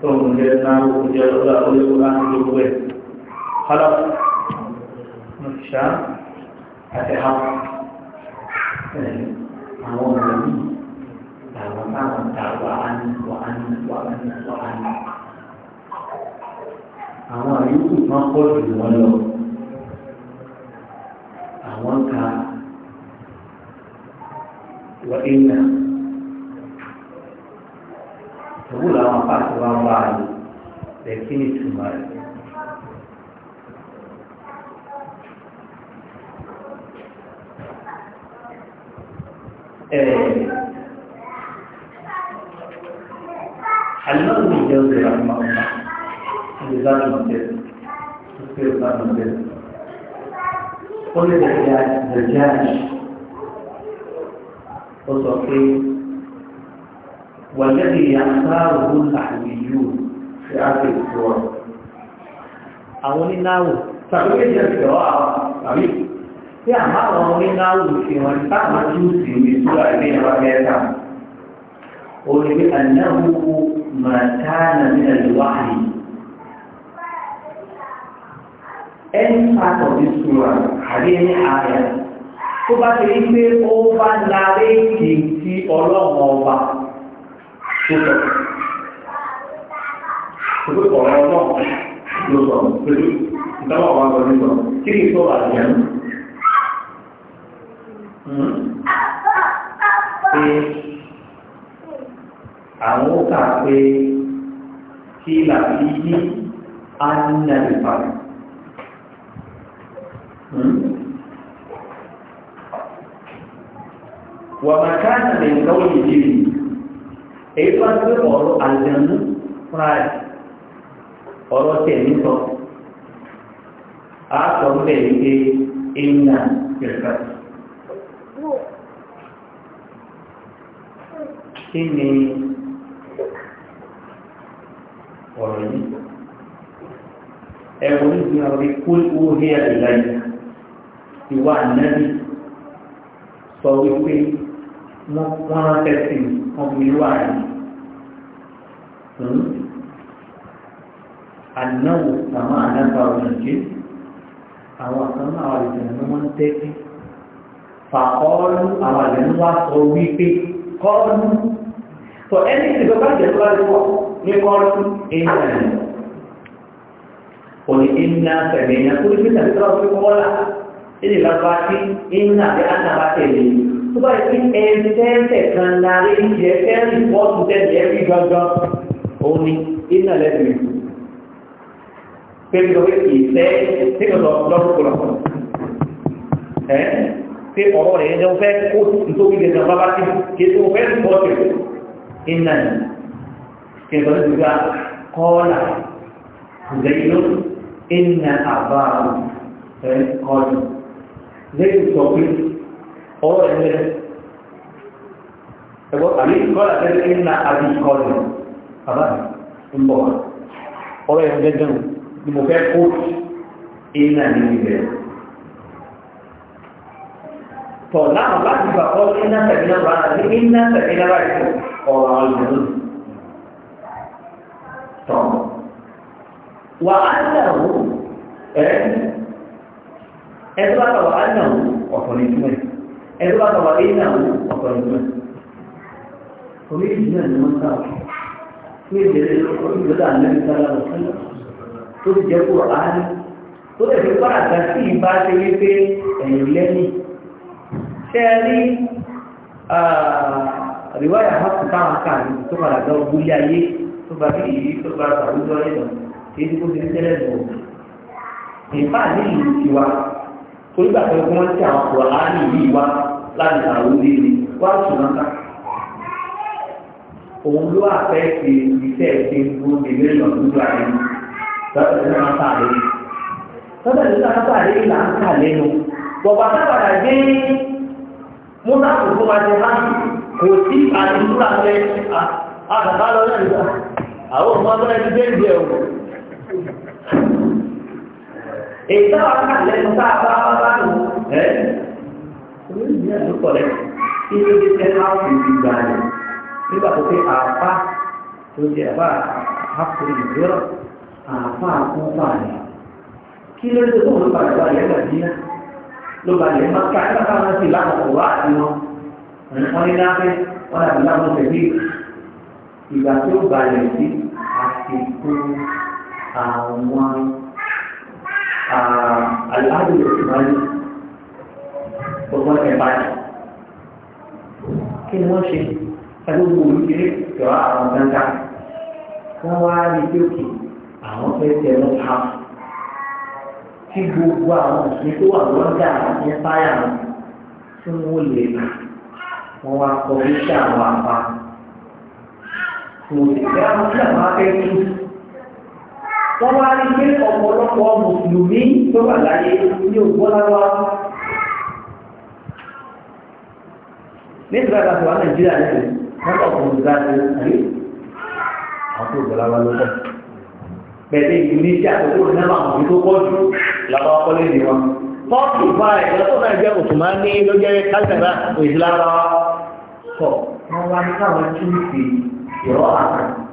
tó ń jẹ́ náà ó jẹ́ lọ́la olówó láti gbogbo ẹ̀. Kọ́lọ́ ta wà á ní wà á ní wà á ní wà á ní àwọn àyíkù máa pọ̀ jù wọ́n lọ àwọn ka wọ ẹ̀yà òwú làwọn apáṣẹ wa ń bá a lò lẹ́kí ní ìtumọ̀ rẹ̀. Àlọ́ mi jẹ́ obìnrin جزاكم جزاكم جزاكم قل الدجاج وصفي والذي يختاره الأحبيون في هذه الصور أولي ناو تقوية الجواب أبي tí àmàwọn onínáwó fi hàn táwọn tí ó sì rí sóra ilé ẹ̀rọ mẹ́ta orí pé ànáwó màtánà ní ẹ̀lú wáhìí any part of this surah àbí any area tó bá ti rí pé ó bá lárí kì í ti ọlọ́run ọba tó sọ kò pé ọ̀rọ̀ náà ló sọ pẹ̀lú ìtọ́wọ̀ wa lọ nígbà kí ni ìtọ́wọ̀ àdìyàn hmm? pé àwọn ó kà pé kí làbí yí á ní ẹ̀rì pàdé wà máa káàkiri lè lọ́wọ́ ìdíri èyí bá gbé ọ̀rọ̀ àjẹmú fúnraẹ̀ ọ̀rọ̀ tẹ̀mí sọ àátọ̀ ń bẹ̀rẹ̀ pé ìnà kẹfà kí ni ọ̀rọ̀ yìí ẹ̀wọ̀n ìgbìyànjú kó ó hẹ́ àìláyìí ìwà ànábì sọ wípé wọ́n rántẹ́ sí ọkùnrin ìlú ààrẹ ànáwò tàmá ànábà òjòjé àwọn kan náà àlùjẹ̀ ní wọ́n tẹ́tí fàkọ́ọ́lù àwọn àlẹ́ ń wá sọ wípé kọ́ọ́lù for any ìgbàgbọ́ ìjẹ̀bú láti wọ́ ní kọ́ọ́lù ìjẹ̀bú òní ìnà fẹ̀mí ìyàkúrú sí tàbí tọ́lá ilé lọ́gbà tí iná àti àtàbà tẹ̀lé tó bá yẹ kí ẹni tẹ́ẹ̀tẹ̀ kan láàrin ìjẹ́ fẹ́ẹ̀rì pọ́ọ̀tù tẹ̀lé ẹ̀rí gbọ́ngàn òun ni iná lẹ́nu ìlú pẹ̀lú pé ìfẹ́ tí kò lọ lọ́kùnkùnlọ̀ ẹ́ pé ọ̀rọ̀ rẹ̀ ẹjọ́ fẹ́ kó nítorí ìgbésẹ̀ bá bá ti ké tó fẹ́ pọ́ọ̀tù iná ni kí n sọ́dọ̀ ìgbà kọ́ọ̀là ìgbẹ́yìn ló àbá ẹ̀ kọ́ọ̀lù lẹ́yìn sọ pé ọwọ́ ẹ̀yẹ ẹ̀gbọ́n àbí kọ́lá tẹ́lẹ̀ ń na àbí ìkọlù bàbá ń bọ̀ ọwọ́ ẹ̀yẹ gẹ́gẹ́ ni mo fẹ́ kó ìnà e ní ibẹ̀ tọ̀ náà bá ti bà kọ́ iná e tẹ̀lé náà bá àti iná e tẹ̀lé náà bá ìkọ̀ ọ̀rọ̀ àwọn ìlú tọ̀ á ń dàrú ẹ̀ ẹ̀tọ́ àtàwà ánàwò ọ̀tọ̀ ní túnmẹ̀ ẹ̀tọ́ àtàwà ánàwò ọ̀tọ̀ ní túnmẹ̀ oríṣi náà ni wọ́n sá ọ̀tọ̀ tí ó jẹ́ ìgbésà lẹ́nu sára ọ̀tọ̀ tó ti jẹ́ kó àárín tó lè fi pàrà ga sí ìbá ṣe wípé ẹ̀yìn lẹ́yìn ṣe é rí àríwáyà hapù táwọn káàdì tó padà gba ogúlé ayé tó bá fi ìrírí tó bá àwùjọ ẹ̀dọ̀ kí é ti kó ti ń tẹ́lẹ̀ bọ̀ ìfáà ní ìlú tiwa onígbà tó kí wọ́n ti àwọn kùránì yìí wá láti àwọn orí ni wá ṣùgbọ́n òun ló wà fẹ́ ṣe iṣẹ́ ṣe fún ayé lọ́sẹ̀ tí wọ́n kà lé lọ́sẹ̀ lé là ń lé nu dé múná kò tó máa ṣe kò sí àdúrà lọ́sẹ̀ èyí táwọn akáàlẹ́nu tá a bá wá bá nù ẹ́ olórí ìdí àlọ́ kọ̀lẹ́ kí ló dé tẹ́ náà fi di gbà rẹ̀ nígbà tó pé àpá tó jẹ́ àpá àpò ìgbéró àpá àpò pààyà kí ló dé tó ń pààyà wáyé nàìjíríà ló bá lè má ká nígbà táwọn sì lákòókò wá àti wọn wọn ní lábẹ́ wọn àti láwọn tẹ̀lé ìgbà tó balẹ̀ sí àsìkò àwọn al'adu ìsìnmáyé gbogbo ẹ̀ kí ni wọ́n ṣe pẹ̀lú gbogbo ìdílé ìjọba àwọn gbangba wọ́n wá rí jókè àwọn fẹ́ tẹ̀ wọ́n pa tí gbogbo àwọn òṣèlú tó wà lọ́jà àti ẹ̀fáyà wọn tí wọ́n lè nà wọ́n wá kọ́ wíṣẹ́ àwọn àpá. Kò sí pé àwọn tí àwọn afẹ́ tún wọ́n wá rí pé ọ̀pọ̀lọpọ̀ mùsùlùmí tó wà láyé ní ògbọ́láwá nígbà tó wà nàìjíríà lẹ́yìn wọ́n lọ fún ìgbà ògbọ́láwá ló pẹ̀lú indonesia tó kúrò náà àwọn òbí tó pọ̀ jù làwọn akọ́lé ni wọn. tọ́ọ̀tù fa ẹ̀gbọ́n náà jẹ́ mùsùlùmí ló jẹ́ kálífẹ̀rà ìsìlámà kọ̀ wọ́n wá ní káwọn túnṣe ìrọ̀ àkàtà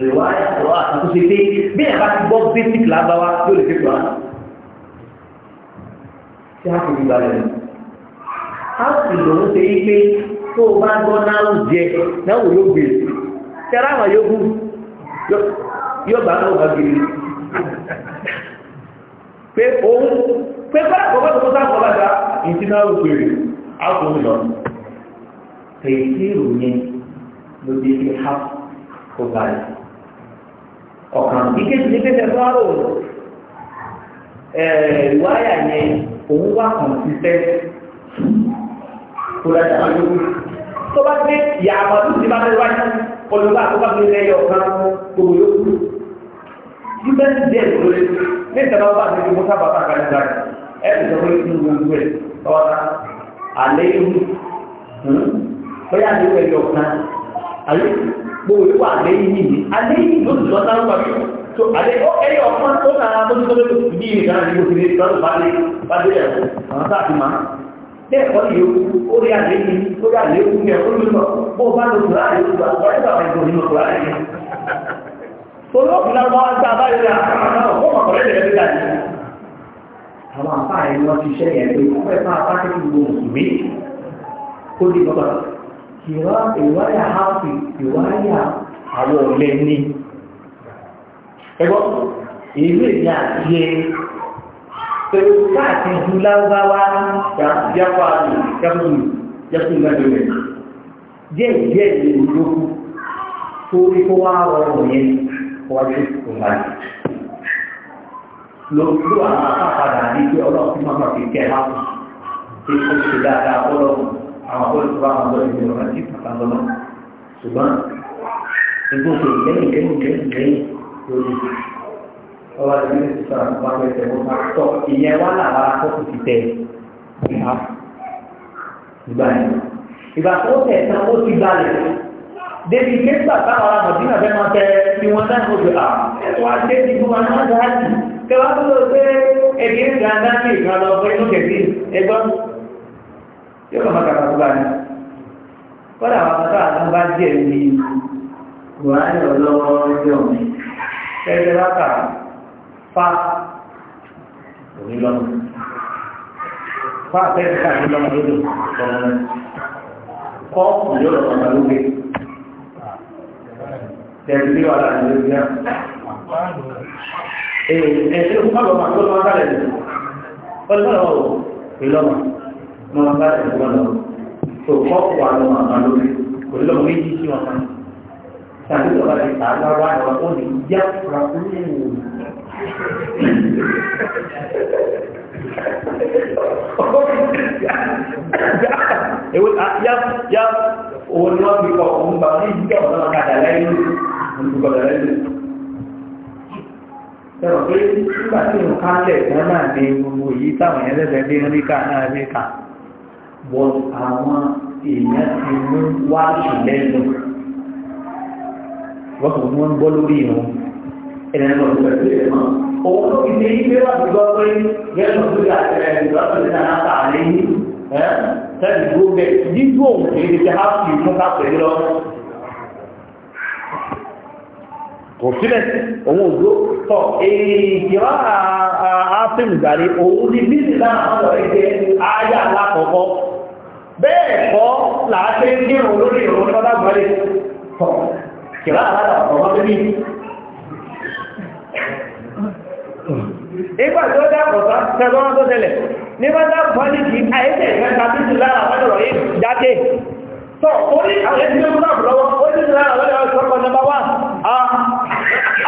rìwáyà ọ̀rọ̀ àtúnṣe pé bí ẹ̀bá ti gbọ́ basic lábáwá tó lè fẹ́kọ̀ọ́ àti a kò a sì lòun ṣe yí pé tó o bá gbọ́ náà jẹ náà wò ló gbé tẹ́lá àwọn yóò yóò bá náà bá gbé pé òun pé báyìí kọ́ bá tó sáà kọ́ bá ọ̀kan ìkejì ní pẹ́sẹ̀ fọ́ọ̀rọ̀ ìwáyà yẹn òun wà kàn sí fẹ́ kó dájà máa lóko tó bá dé ìyá àwọn tó ti bá fẹ́ wáyà olùkọ́ àkókò mi lẹ́yìn ọ̀kan gbogbo yòókù síbẹ̀ ń dẹ̀ lórí ní ìtàbá bá ti di mú sábà bá kàlẹ́ gbà ẹ̀ ẹ̀ sọ pé kí gbogbo ẹ̀ tọ́ta àlẹ́ yìí hmm? bóyá àlẹ́ yìí ọ̀kan àlẹ́ yìí gbogbo wà lẹ́yìn yìí alẹ́yìn ló ti lọ lárúbá yọ tó alẹ́ ọ ẹyẹ ọ̀pọ̀ tó náà mọ́tòkọ́tò tó fi ní ìrìnà ní oṣù ní ìtọ́jú bá lé bá ẹ̀kọ́ àwọn sáà ti máa bẹ́ẹ̀ kọ́ ni ó rí àlẹ́yìn ó rí àlẹ́kùn ní ẹ̀kọ́ ló lọ bó bá lọ sùn láàrin oṣù àgbà ẹgbà ẹgbà òní mọ̀kọ́ láàrin torí ó fi lárúbá wá gbá abáyọ̀ rẹ̀ àwọn àkọ́kọ́ mọ̀kọ́ ìwáyà hafi ìwáyà àwọn ọ̀lẹ́ ní ẹgbọ́ ìlú ìdí àti ẹ pẹ̀lú káàkì ju yàpá àti yàpùlù yàpùlù rẹ̀ díẹ̀ díẹ̀ ní ìlókù tó rí kó wá ọrọ̀ yẹn wájú ọ̀la lọ àwọn apá padà ní pé ọlọ́ọ̀tí máa ma fi kẹ́ ẹ̀ tí ó ṣe dáadáa ọlọ́run àwọn akọ́lù tó bá wọn lọ ìgbé ọ̀rọ̀ àti àtàwọn lọ ṣùgbọ́n igbó tó lẹ́yìn lẹ́yìn lẹ́yìn lẹ́yìn lórí ọwọ́ àti ilé ìtura tó bá fẹ́ tẹ̀ wọ́n tọ́ ìyẹn wá làwọn akọ́kù ti tẹ̀ ìgbà yẹn ìgbà tó tẹ̀ tán ó ti balẹ̀ débi kéńtà táwọn ará mọ̀dínà fẹ́ máa tẹ tí wọ́n náà ó ti à ẹ̀tọ́ àti ìgbó wọn náà dáàbì kẹwàá tó lọ pé ẹgbẹ́ ìgbà dáàbì ìgbà lọ pé inú kẹ̀sí ẹgbọ́n yóò máa kàkà tó bá ní kọ́dà àwọn akọ́tà àwọn bá díẹ̀ ní buhari ọlọ́wọ́ ọjọ́ mi tẹ́lẹ̀ láta fa òní lọ́nà fa tẹ́lẹ̀ ká ní lọ́nà lódò lọ́nà kọ́ òjò lọ́nà lọ́nà lókè tẹ̀lé bí wàhálà ní lókè náà. Ee, ẹ̀sìn kúkọ́ lọ́mọ tó lọ́mọ kálẹ̀ ní. Wọ́n ti fẹ́ lọ́wọ́ ìlọ́mọ máa bá ẹ̀gbọ́n lọ tó kọ́ wà lọ àmà lórí kò lọ méjì sí wọn kan tàbí ọba ti tà lára àwọn ọ̀nà ìyá fura kúrò ewu ya ya owó ni wọn fi kọ òun bá wọn ní ìdíkẹ ọ̀nà ọ̀kadà lẹ́yìn olùkọ̀dà lẹ́yìn ẹ̀rọ pé nígbà tí nǹkan lẹ̀ kan náà ní gbogbo yìí táwọn yẹn lẹ́sẹ̀ ní ká náà rí ká but àwọn èèyàn ti mú wáṣù lẹ́nu wọ́n kò mú wọn gbọ́ lórí ìrún ẹ̀rẹ́ náà lọ́dún pẹ̀lú ẹ̀ mọ́ òun ló fi ṣe ilé wà ní gbọ́ pé yẹ́n lọ sí àtẹ̀rẹ̀ ìgbà tó ní náà ta àlẹ́ yìí sẹ́ni tó bẹ̀ dígbò òun ti ti há sí mú ká pẹ̀lú lọ. kò sílẹ̀ òun ò dúró tọ̀ ìkìlá àásìmù gàrí òun ni bíbí náà wọ́n lọ ẹgbẹ́ ayé alákọ̀ọ́kọ́ bẹ́ẹ̀ kọ́ làáṣẹ́ nírùn lórí ìrùn tọ́lá gbọ́lẹ̀ tọ̀ kìlá àlàdà ọ̀pọ̀ bẹ́bí nígbà tí ó dáàbò sá tẹ́gbọ́n tó tẹ́lẹ̀ nígbà dáàbò ní kí àyẹ́sẹ̀ ìfẹ́ta bí ti lára àwọn ọ̀rọ̀ yìí jáde tọ́ ó ní àwọn ẹni tó dáàbò lọ́wọ́ ó ní lára àwọn ọ̀rọ̀ ìfọ́kọ̀ nọmba ah, wà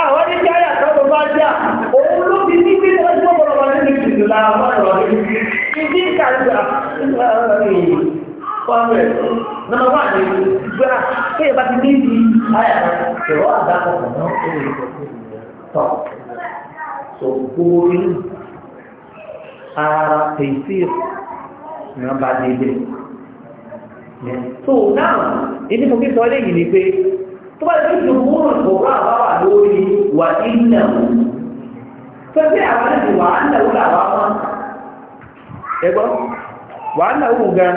àwọn ní kí àyà tó bá jà òun ló fi ní bí wọ́n tó bọ̀rọ̀ wọn ní kọ́ńtẹ̀ nọ́mbà wà ní gbà kéye bá ti níbi ayà ìrọ̀ àdàkọ̀ náà ó lè tọ̀ tó gbóòórì ara tèsí nọ́mbà dédé. tó náà ìdí mo kí sọ eléyìí ni pé tó bá ti ju wúrò ìfowópamọ́ àbáwà lórí wà nínú pẹ̀lú àwọn ẹ̀sìn wà á náwó làwọn ọmọ ẹ̀gbọ́n wà á náwó gan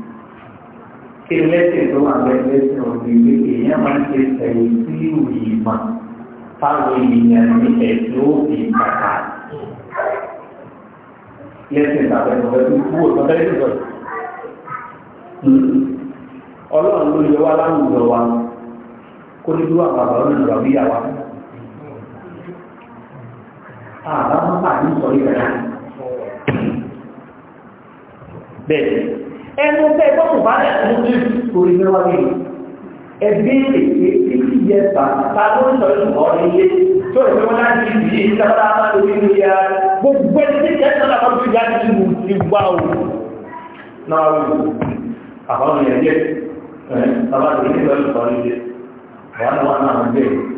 ẹlẹ́sìn tó wà lẹ́sìn ọ̀sìn pé èèyàn máa ń ṣe sẹ́yìn sí ìròyìn mọ̀ fáwọn èèyàn ní ẹ̀sìn òfin kàkà lẹ́sìn tàbí ẹ̀sìn tó kú òtún tẹ́lẹ̀ tó ọlọ́run ló yọ wá láwùjọ wa kó ní dúró àpapọ̀ ọ̀nà ìgbà bí yà wá. àbá wọn pàdé ìsọ̀rí kàkà bẹ́ẹ̀ ẹnu tẹ́ ẹgbọ́n kò bá dẹ̀ tó ní orí mẹ́wà nínú ẹbí èké títí yẹ bá ta ló ń sọ ìṣòro ilé tó ẹgbẹ́ wọn láti ibi yìí sábà máa ń lórí ilé ya gbogbo ẹni tí kẹ́ sọ́dọ̀ kan tó yá ti wù ti wá o náà wù àbáwọn yẹn yẹ ẹ sábà tó ní sọ ìṣòro ilé àwọn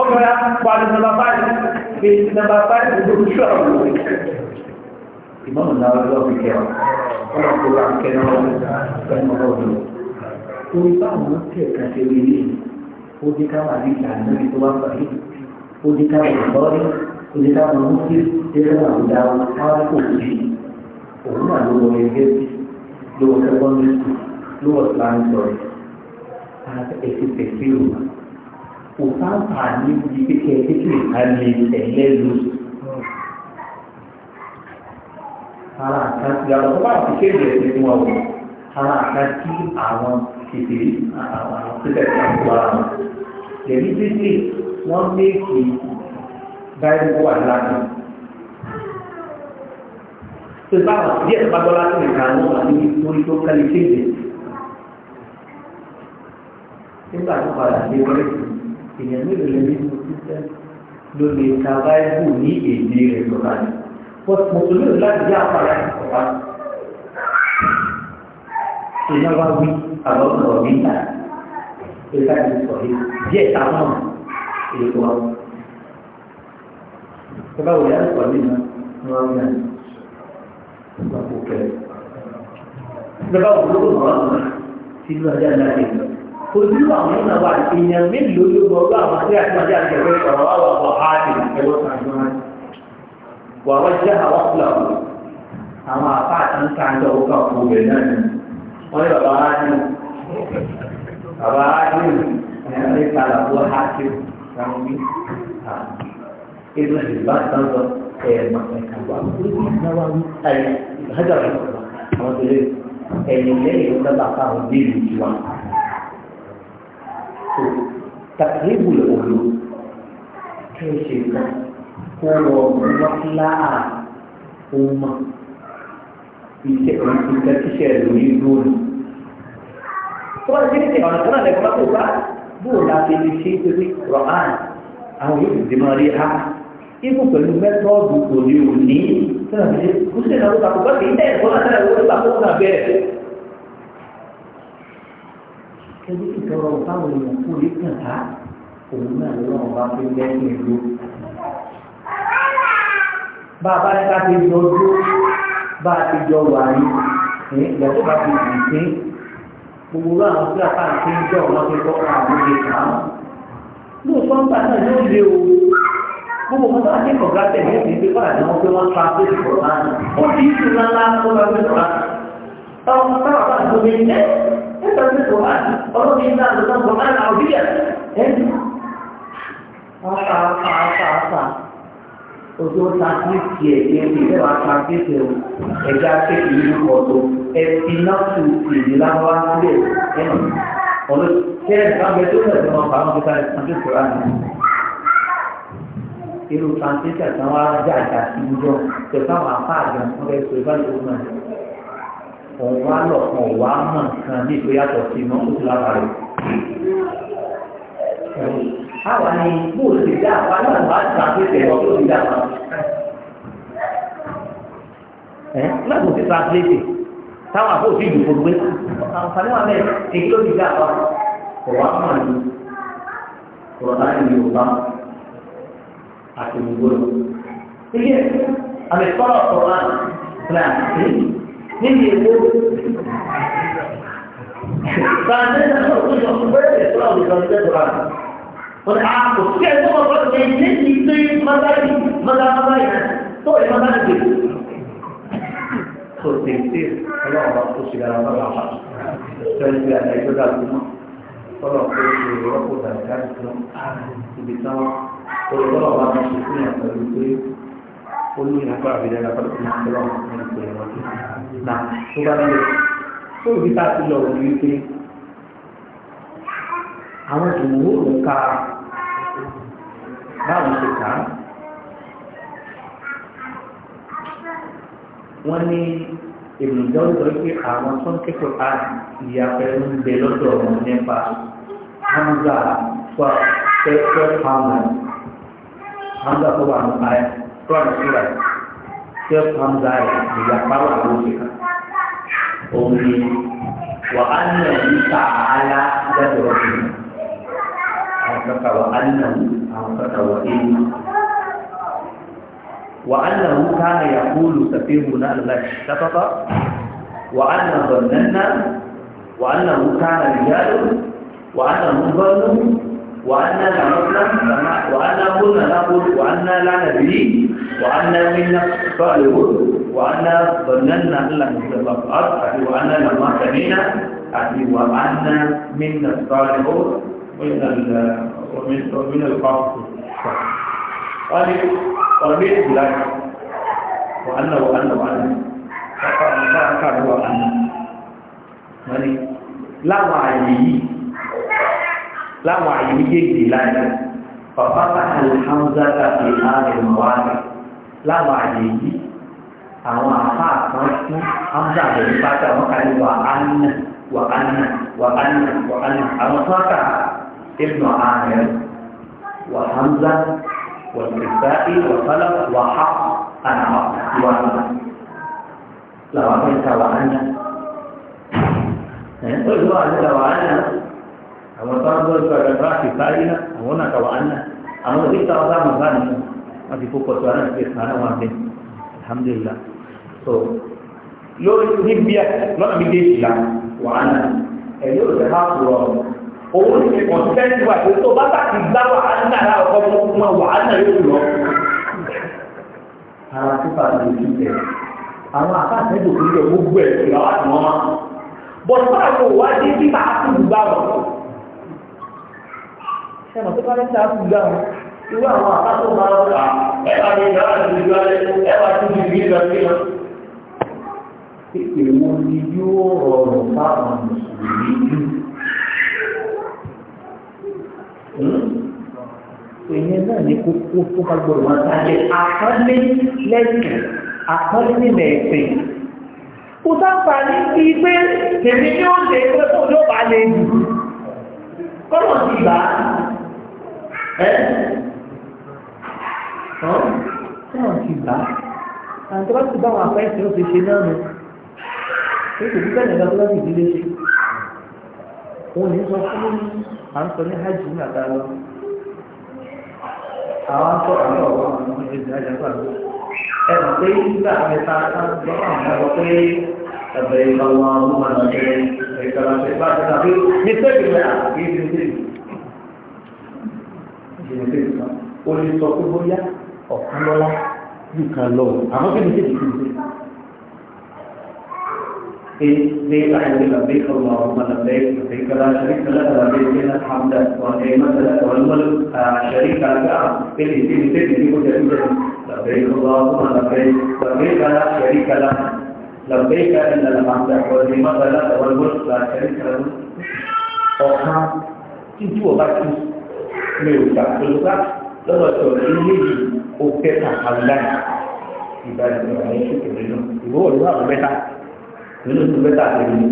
ọmọ ya pàdé nọmba báyìí pé nọmba báyìí ló ń ṣọ́ ọ̀rọ̀ ìmọ̀nà náà lọ́wọ́ fi kẹ́ ọ ọ̀rọ̀ kó bá ń kẹ́ náà lọ́wọ́ ọ̀dọ̀ torí báwọn tẹ̀ kan ṣe rí ilé ó dé ká wà ní ìlànà níbi tó bá parí ó dé ká wà lọ́rí ó dé ká wà ní kí dé ká wà lọ́dà wọn kò sí òun náà ló wọ ẹgbẹ́ ló wọ sẹ́kọ́ndì ló wọ sẹ́kọ́ndì kò sáǹfà ní ibi kékeré kékeré alẹ́ ẹ̀lẹ́ lò. ara kan ti àwọn tó bá ti kéde ẹ̀sìn fún wa wò ara kan tí àwọn kékeré àwọn pípẹ́ ti àpò ara wọn. lẹ́yìn títí wọ́n méèkì báyìí wà lánàá. tó bá wọn díẹ̀ bá bọ́lá tó lè kàn wọ́n àti nítorí tó kálí kéde. nígbà tó padà dé wọlé tó èèyàn mélòó lẹ́nu nínú títẹ́ ló lè ka báyìí ní èdè rẹ̀ tó bá ní. mùsùlùmí ò láti jẹ́ àpárá ìkọ̀wá. ìyá wa wí àbọ̀ sọ̀rọ̀ mi ta ìta ti sọ̀rọ̀ yìí díẹ̀ ta náà èyí wa. tó bá wò yá sọ̀rọ̀ yìí náà ni wọ́n yà ní ìgbà kò kẹ́rẹ́. lọ́ba òwúrọ̀ ọ̀rọ̀ ọ̀rọ̀ sílùú ajá ńlá kẹ́kẹ́ ojú àwọn ọ̀nà wa èèyàn mélòó ló gbọ́ ọlọ́ àwọn tí àti màjá àti ẹ̀rọ ìṣọ̀rọ̀ wà wà wà áàdì ẹ̀rọ sàgbọ́n wà wọ́n jẹ́ àwọn fúlàwù àwọn àpá àti ń sàǹdà ó kà fún ọbẹ̀ náà ni wọ́n ní bàbá áàdì bàbá áàdì ẹ̀rọ ìpàlà fún áàdì so tàkìrìbù lòlù kí ẹ ṣe nǹkan kó wọ mọ́tílá ọmọ iṣẹ́ ìṣẹ́ tíṣẹ́ lórí lónìí. tó bá ti ṣe ọ̀nà kan náà lẹ́kọ̀ọ́ tó bá bóò láti lè ṣe pé rọ̀hán àwọn yóò dì máa rí ha ibù pẹ̀lú mẹ́tọ́ọ̀dù òní òní tó náà ti ṣe kó sì náà ó ta kó bá ti ń tẹ̀ ẹ̀kọ́ náà tẹ̀lé ó ti ta kó náà bẹ̀rẹ̀ ẹbí ìtọrọ táwọn èèyàn kú rí kàn ká òun náà ló náà bá fi lẹ́yìn ìlú. bá a bá ní ká ti jọ dúró bá a ti jọ wà ní ìyàtọ̀ bá ti dì sí gbogbo àwọn tí a bá ń fi ń jọ wọn ti kọ́ àwọn ìdè kan. lóòótọ́ nígbà náà yóò lé o gbogbo wọn bá kẹ́kọ̀ọ́ gá tẹ̀lé ní ìdí fún àdéhùn pé wọ́n tra pé ìfọ̀ náà ó ti ń sùn lánàá tó bá fi sọ̀rọ̀ táwọn táwọn bá ń tó bí ẹ́ تقرأ من القرآن قرأت إيمان من القرآن عربيا عطا عطا عطا عطا Ojú translate yẹ kí ẹbí ẹ wá translate o, ẹja kéèkì yìí kọ̀ọ̀tọ̀, ẹbí náà tù èdè láwá sílẹ̀ ẹnu. Ọ̀nà kí ẹ bá bẹ tó lẹ̀ lọ́wọ́ bá wọn kíkà translate rà nù. Irú translate àtàwọn ajá àjà ìjọ, tẹ̀sán àwọn afá àjà ń fẹ́ sọ náà òun wá lọ kan òun wá mọ̀ kan ní ìgbéyàtọ̀ sí iná tó ti lára rẹ̀. Àwa ni bó o ti dá àwa náà wá gbà pé tẹ̀lé ọ̀tọ̀ ti dá wa. Lẹ́kùn ti translate táwọn àbò ti dùn fún gbé. Àǹfààní wa mẹ́rin èyí ló ti dá wa. Ọ̀wá mọ̀ ni ọ̀rọ̀ láti ní Yorùbá àti òyìnbó lọ. Ilé àmì sọ́rọ̀ sọ̀rọ̀ náà fúnra àti níbi èwo bàtẹ́sà náà tó yọ bẹ́ẹ̀ tó àwọn ìjọ ìjọ ìjọba wọn ni àwọn kò sí ẹgbẹ́ wọn lọ́dún yẹn ní ti tó yí mọ́tàlì mọ́tàlì yẹn tó yẹ mọ́tàlì dè tó tètè ọlọ́run bá tó ṣe ara wọn lọ́wọ́ sẹ́yìn bí àná ìjọba tó mọ́ tọ́lọ̀ tó ṣe rọ́pò tàbí káàkiri ibi táwọn olùkọ́ olóyìn apá àbẹ̀dẹ̀ lápapọ̀ ní ìṣẹ́lẹ̀ ọ̀hún ní ìpè wọn tó nà tó bá lè tó ibi tá a ti lọ òní wípé àwọn ìwúwo ló ka báwọn ṣe kà á wọ́n ní èmùjọ́ ń sọ pé àwọn tó ń kẹ́kọ̀ọ́ á ìyàpẹ̀ ń bẹ lọ́dọ̀ wọn nípa hamza fẹ́ fẹ́ hamza hamza tó wà ní 断了出来，叫他们在你家把我东西了。我们我安了一打呀，在这个地方。وأنه أو وأنه كان يقول سفيرنا سفيهنا الشفقة وأنه ظننا وأنه كان رجال وأنه ظنوا وأنا لا نظلم وأنا كنا نقول وأنا لا نبي وأنا منا صالحون وأنا ظننا أن لم نتبقى أصحى وأنا لما سمينا أحي وأنا منا الصالحون ومن ومن القاصد قال قبيل بلاد وأنا وأنا وأنا فقال وأنا يعني لا وعي لا وعيك بلاي ففتح الحمزة في حال المواقع لا وعيك أو أخاف مشكو حمزة بلفاتة وقال وعن وعن وعن وعن أما أرفاك ابن عامر وحمزة والكفاء وخلق وحق أنا وأن لا وعيك وأن Eh, itu àwọn tó ń bọ́ ìgbà gbàgbà àti sáré náà àwọn náà kàwá án náà àwọn òbí ta ọ̀sán àwọn sáà nínú wọn ti kó pọ̀tù àwọn sáré wọn bẹ́ẹ̀ alhamdulillah so lórí níbi ẹ lọ́nà mi dé ìlà wàá náà ẹ̀ yóò fẹ́ há kúrọ̀ owó ní ti kàn sẹ́ńtì wà pé tó bá bá ti gbá wàá náà lára ọkọ̀ mọ́ fún wa wàá náà yóò lọ. ara pípa ló ti tẹ̀ àwọn àkáǹtẹ́jọ́ kúrò gbogbo ẹ̀ ẹ mọ̀ tó bá lẹ́sẹ̀ á kú gbà wọn irú àwọn àpapọ̀ máa ń rà ẹ bá mi gbà láti fi gbà lẹ́sẹ̀ ẹ fi gbé sí lọ. èèwọ̀ ni yóò rọrùn fáwọn mùsùlùmí jù hmm? èyí náà ní kókó tó bá gbọdọ̀ wọn sáyé àkọlé lẹ́sìn àkọlé nílẹ̀ ẹ̀sìn. kò sáfà ní ti pé tèmi ní ó pé kó ló bá lè jù kọ́nà ti bá a ẹ́ tán ti gbà àti wọ́n ti bá wọn àpá ẹ̀sìn ó ti ṣe náà nù pé kò bẹ́ẹ̀ nígbà tó lọ́sì ìdílé ṣe òun ní sọ fún mi à ń sọ ní hajj ní àtàlọ́ àwọn sọ àwọn ọ̀rọ̀ àwọn ọmọ ìdílé ajá pàdé ẹ mọ̀ pé nígbà mẹ́ta lọ́wọ́ àwọn ọmọ pé ẹ̀bẹ̀ ìlọ́wọ́ àwọn ọmọ àti ẹ̀ka láti bá a ti tàbí ní sẹ́yìn àti ìdílé ṣe nǹkan ó lè sọ pé bóyá ọ̀kan lọ́lá jù kan lọ àmọ́ kí ni ṣe kìí ṣe. إني أعلم بك اللهم لبيك لبيك لا شريك لك لبيك إن الحمد والنعمة لك والملك شريك لك إني في سيدي مجدد لبيك اللهم لبيك لبيك لا شريك لك لبيك إن الحمد والنعمة لك والملك لا شريك لك ọ̀kan tí tí ọba tí mi ò gbà tó bá lọ́wọ́ tó ilé yìí ó fẹ́ kàkàlá ìbáraẹni àwọn ìṣòkè nínú ìwọ́wọ́ ló wà wọ́n mẹ́ta nínú tó mẹ́ta àtẹ̀lé mi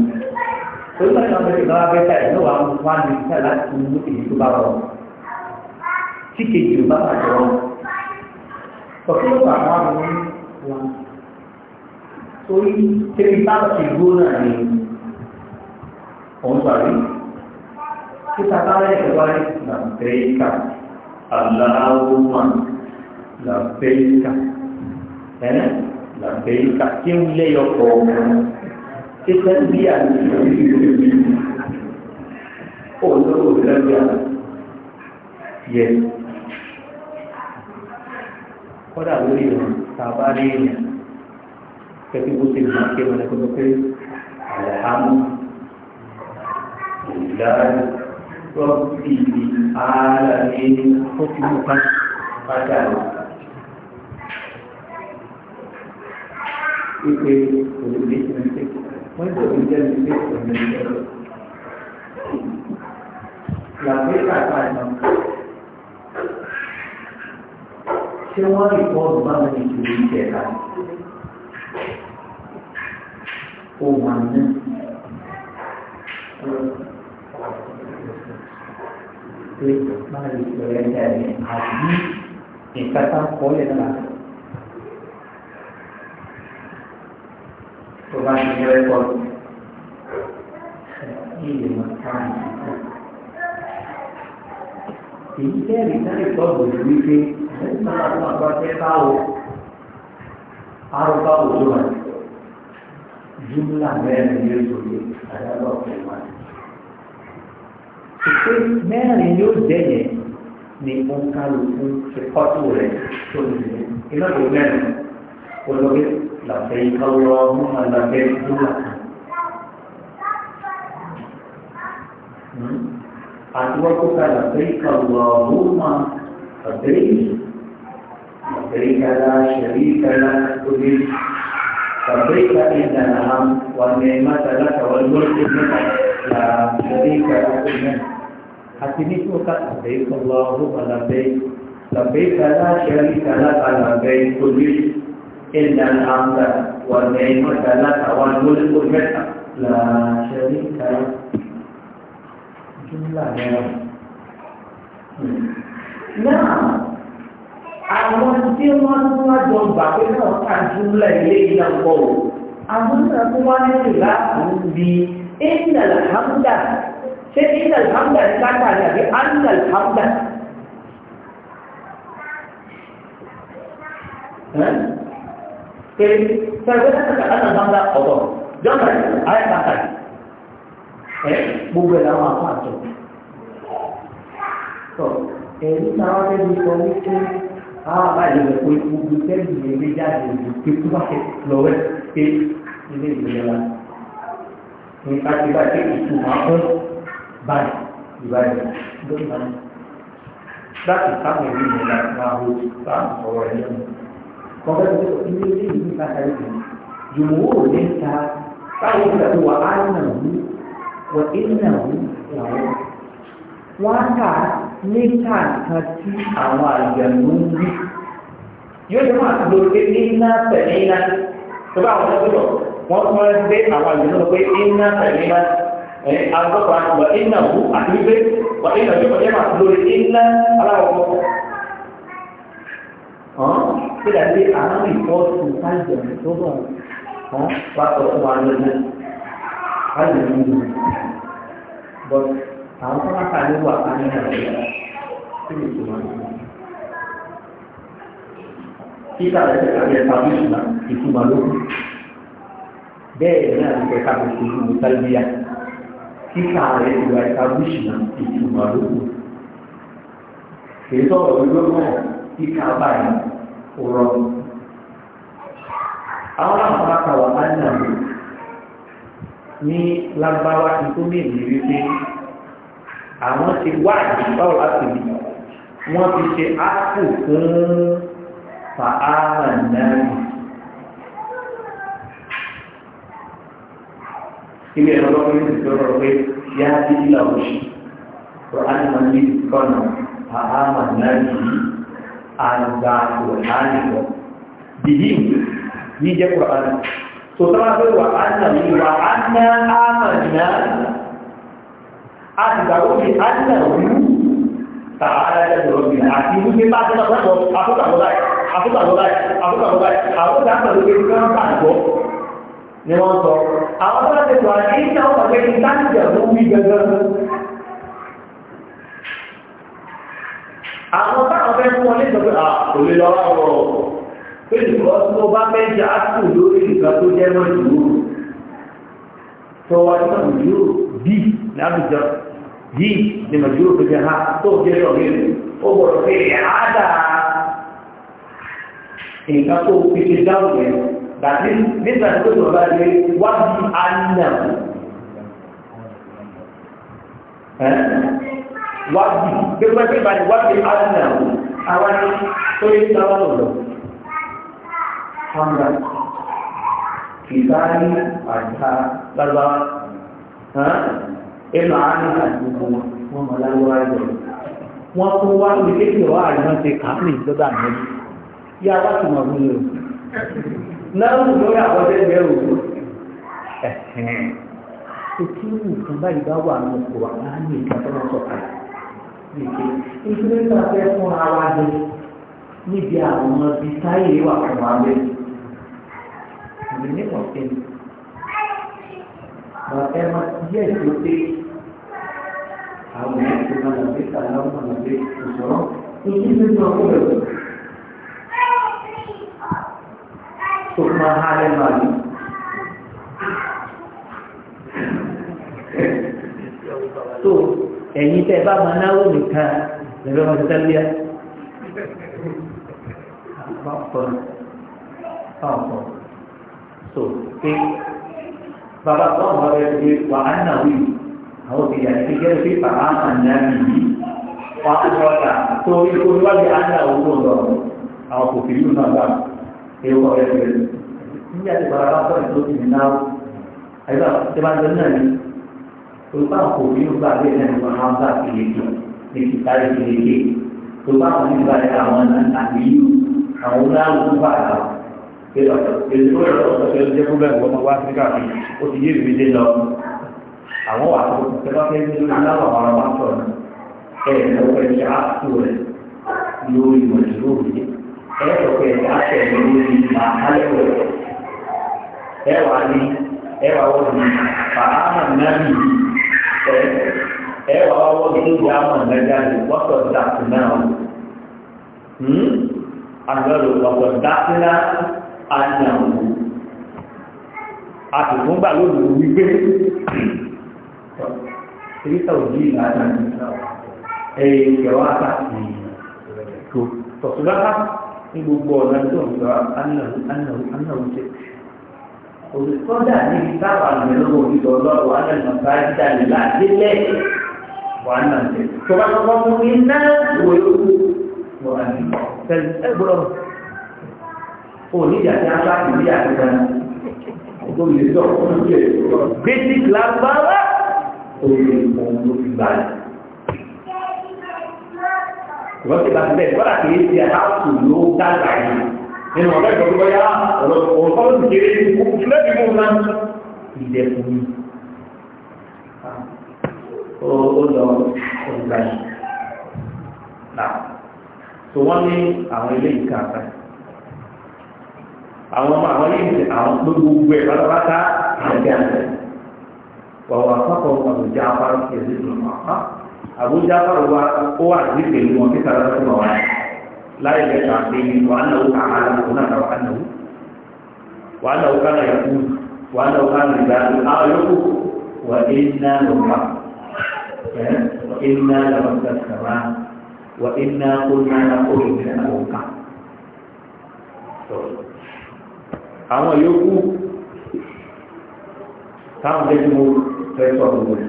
tó bá yọ ọmọdé náà mẹ́ta ẹ̀ náà wà wá ní ìṣẹ́ láti mú èyí tó bá rọrùn tí kejì ò bá bàjẹ́ wọn ọ̀kẹ́ ló wà wá wọn wọn torí tẹ́lifá ìgbó náà ni òun sọ̀rọ̀ kita tahu yang terbaik labbaika Allahumma labbaika eh labbaika kí n lé kita ọmọ oh, bí àti olówó lẹ́gbẹ̀ẹ́ yẹ kọ́dà lórí ìwọ̀n tàbá rí ìyẹn kẹ́kẹ́ bó ti rọ́bì ààrẹ ní fókùnmù pátá ìpè òdòdó ìpè wọ́n tó ń jẹ́ ìpè òdòdó ìpè ìyàwó ìpàtà ìnà wọ́n rí bọ́ọ̀lù bá wọn ìṣòro ìjẹta ohun àná pé máa lè sọ ẹ̀dá rẹ̀ àbí ìkàtà kọ́lẹ̀ náà. tó bá ti yọ ẹ̀kọ́ ní ìlú mọ̀tàn èyí kẹ́rì náà lè tọ́jú ìlú wípé ẹ̀sìn náà wọ́n àgbà tẹ́ báwo arúgbáwò ló wà jùmùlà mẹ́rin ní oṣù yìí àdábọ̀ fún wa pé mẹ́rin yóò jẹ́ yẹn ni ó ń kálù fún ìkọ́tù rẹ̀ tó ń lè iná kò mẹ́rin olórí làbẹ́ ìkáwọ́ mọ́mọ́ làbẹ́ ìdúrà hmm? àti wọ́n kó ká làbẹ́ ìkáwọ́ mọ́mọ́ làbẹ́ làbẹ́ ìkálá ṣẹ̀rí ìkálá tóbi لبيك إن العام والنعمة لك والملك منك لا شريك لك منك àti ní tí ó ká labbaik Allahumma labbaik labbaik la sharika laka labbaik lórí ẹ̀dà àmà wà ní ìmọ̀ta látàwọn olóko mẹ́ta la sharika jùlọ mẹ́rin. náà àwọn tí wọ́n ń wá jọ gbà pé náà ká jùlọ ilé ìyàwó àwọn náà tó wá nílùú láàbù bíi ẹ̀dà àmà ṣé iná ìhàmdà ní káńtà ní àbí ánà ìhàmdà pé pẹ̀lú ẹ̀ka ánà ìhàmdà ọ̀dọ̀ jọ́nà ayé kàkà gbogbo ẹ̀ làwọn àpá àjọ ẹ̀rí táwọn ẹni sọ wípé àwọn àbáyé rẹ̀ pé gbogbo tẹ́lẹ̀ ìgbẹ́ jáde ìlú pé tó bá fẹ́ lọ́wọ́ pé ilé ìgbẹ́ wa ní kájíbá pé ìtumọ̀ akọ́ báyìí ìbáyìí ló ń báyìí láti sáwọn ìlú ìlú láti máa wo sáwọn ọ̀rọ̀ ẹ̀ lẹ́nu kọ́kẹ́ tó tó ilé ilé ìlú káta ìlú jùmọ̀ ó lè ta táwọn ìgbà tó wà á nà wú wà é nà wú làwọn wọn kà níta kan tí àwọn àjẹmú bí yóò ṣe máa lo pé iná tẹ̀lé iná tó bá àwọn ọ̀dọ́ wọn tún ń gbé àwọn àjẹmú lọ pé iná tẹ̀lé iná agbọ́pàá wà iná wú àti wípé wà iná tí wọ́n yẹ́ máa lórí iná aláwọ̀ ọ̀hún tí dà sí àwọn ìfọ́sù tájẹ̀ tó bọ̀ ọ̀hún wà tọ̀tọ̀ wà lórí tájẹ̀ ní ìlú bọ̀ àwọn tó máa kàlẹ́ wà á ní nàìjíríà tí mi tó wà lórí títà rẹ̀ ti kàlẹ́ tàbí ìtumà lókun bẹ́ẹ̀ ní àti kẹta kò sí ìlú tàbí yàtọ̀ kíkà rẹ̀ ìwà ìtàbíṣì náà ìtumọ̀ lóko. Kìí sọ̀rọ̀ wípé náà kíkà báyìí kò rọrùn. Àwọn àpáta wà á nà mí ní lágbára ìkómi ìlú wípé àwọn ti wá ìgbàwọ̀ láti rí. Wọ́n ti ṣe áàpù fún fàámà náà ilé ẹ̀rọ lọ́kùnrin ti sọ̀rọ̀ pé yá sí ìlà òṣì tó ánìmọ̀ ní ìkọ́nà àhámà náà yìí àgbà òhánìwọ̀ bìí ní jẹ́ kùránì tó sábà pé wà á nà ní wà á ná àmà náà a ti gbàgbọ́ pé á nà wú tààrà ẹ̀dọ̀rọ̀ bì àti wípé bá tẹ́lá sọ́tọ̀ àfúkàbọ̀ láì àfúkàbọ̀ láì àfúkàbọ̀ láì àwọn ìdáàbò ló gbé ni wọ́n sọ àwọn tó láti sọ àti ìta ọmọ pé ìtàkìjà ló wí gẹ́gẹ́ àwọn táwọn fẹ́ fún wọn nítorí à kò lè lọ wọ́n pé ìgbọ́ tí mo bá fẹ́ jẹ́ àtù lórí ìgbà tó jẹ́ mọ́ ìlú tó wá ní mọ̀ ìlú bí ní àbújá bí ní mọ̀ ìlú ha tó jẹ́ lọ rí ó gbọ́dọ̀ pé àádá nǹkan tó fi ṣe dáhùn yẹn tàbí nígbà tó tó bá lè wá bí ànà wá bí gbégbé tí bá lè wá bí ànà àwọn tó lè sáwọn ọ̀dọ̀ kọ́nà kìtàrí àjá lábá ẹ̀mà àánú àti gbogbo wọn mọ̀ láwọ́ àjọ wọ́n tó wá ní kéèkéè wá àjọ ti kàmì lọ́dà mẹ́rin yá wá tó mọ̀ fún yóò náà lórí àwọn ẹgbẹ́ òkú òkú nǹkan báyìí bá wà ní ọkọ̀ wà á ní ìka tó wọ́n sọ̀kà nìké nítorí nípa fẹ́ fún ara jẹ níbi àwọn ibi táyé wà fún wa lé àmì nípa kẹ́ni bàbá ẹ máa yẹ èso àwọn ìṣòro tó máa há lẹ́nu àlè. tó ẹ̀yin tẹ́ bá máa náwó nìkan lẹ́nu ọmọ sẹ́lẹ̀ ọ̀pọ̀ tó pé bàbá tó ń bọ̀rẹ̀ pé wà á nà wí àwọn òbíyà ti gẹ́gẹ́ bí bàbá máa ń dá nìyí wà á rọ̀ta tó ikú wájú á nà owó lọ àwọn kò fi yóò náà bá a èèwọ̀ rẹ̀ rẹ̀ nígbà tí bàbá bá sọ̀rọ̀ tó ti ní náà àyíká tí bá ń tẹ́ náà ni olùkọ́ àwọn òbí ló gbà bẹ́ẹ̀ náà ni wọ́n máa ń bá kéèké ní kìtàrí kéèké tó bá wọn nígbà tí àwọn àmì àwọn onáwó bá a lọ. èso rẹ̀ ọ̀sẹ̀ tó jẹ́ fún bẹ́ẹ̀ wọ́n máa wá sí káàkiri ó ti yé ìrèlè lọ. àwọn wà tó tẹ́lá fẹ́ ní lórí aláwọ̀ àwọn máa sọ̀rọ̀ ẹ̀ ẹ̀ lọ́wọ́ ẹ̀ ṣáà tó rẹ̀ lórí mọ̀lẹ́ lórí ẹ̀rọ pé àṣẹ ìlú ni màálẹ̀ wọ̀ ẹ̀wà ni ẹ̀wà wọ̀ ni fàámà nàbì ẹ̀ ẹ̀wà wọ̀ ni ìwà àmà nàgà ni wọ́pọ̀ dàtí náà àgbẹ̀rù wọ́pọ̀ dàtí náà àyàwó àtìkúngbà lóòrùn wípé tìrítà òjì ìlànà ẹ̀yẹ̀ ìjọba àtàkì tó tọ̀tùlọ́pàá ní gbogbo ọ̀nà tó ń gbà ánàwùjẹ́ òṣìṣọ́dà ní sábà mẹ́lọ́wọ́ ìlọ ọlọ́wọ́ ánàmọ̀ká dàní ládélẹ̀ wàá nà jẹ́ tọ́bátọ́bá mú ní náà wò ó wò á ní tẹ̀lé ẹgbọ́n onídìí àti apá ìdí àtúgbà tó lè sọ fún ìjẹ́ basic lágbára òṣèlú òun ló fi gbà yìí ìwọ́n ti bá ti bẹ́ẹ̀ wọ́n àti èsì àtàkù ló dágbà yìí nínú ọ̀rẹ́ ìjọba yá ọ̀rọ̀ tó ń kéré ní kókó lẹ́bi mú náà ìdẹ̀kùn mi. ó lọ ọ̀gbà yìí náà tó wọ́n ní àwọn ilé ìka àgbà àwọn ọmọ àwọn ilé ìka àwọn gbogbo ẹ̀ pátápátá àti àgbẹ̀ wọ̀wọ̀ àpapọ̀ àbújá apá ìṣẹ̀lẹ̀ ìlú ọ̀pá àbújá fáwọn wa ó wà ní pẹ̀lú wọn kí sara lọ́sọ̀rọ̀ wa láì lẹ́ka pé wàá náwó kàá lọ́wọ́ náà náwó kàá náwó wàá náwó kàá náà yẹ̀kú wàá náwó kàá náà ìgbà tó àwọn yòókù wà é ná lọ́wọ́ ẹ̀ é ná lọ́wọ́ sàkàrà wà é ná kó ná kó lè ná lọ́wọ́ kàá. àwọn yòókù táwọn ẹgbẹ́ mú fẹ́ sọ̀rọ̀ wọn.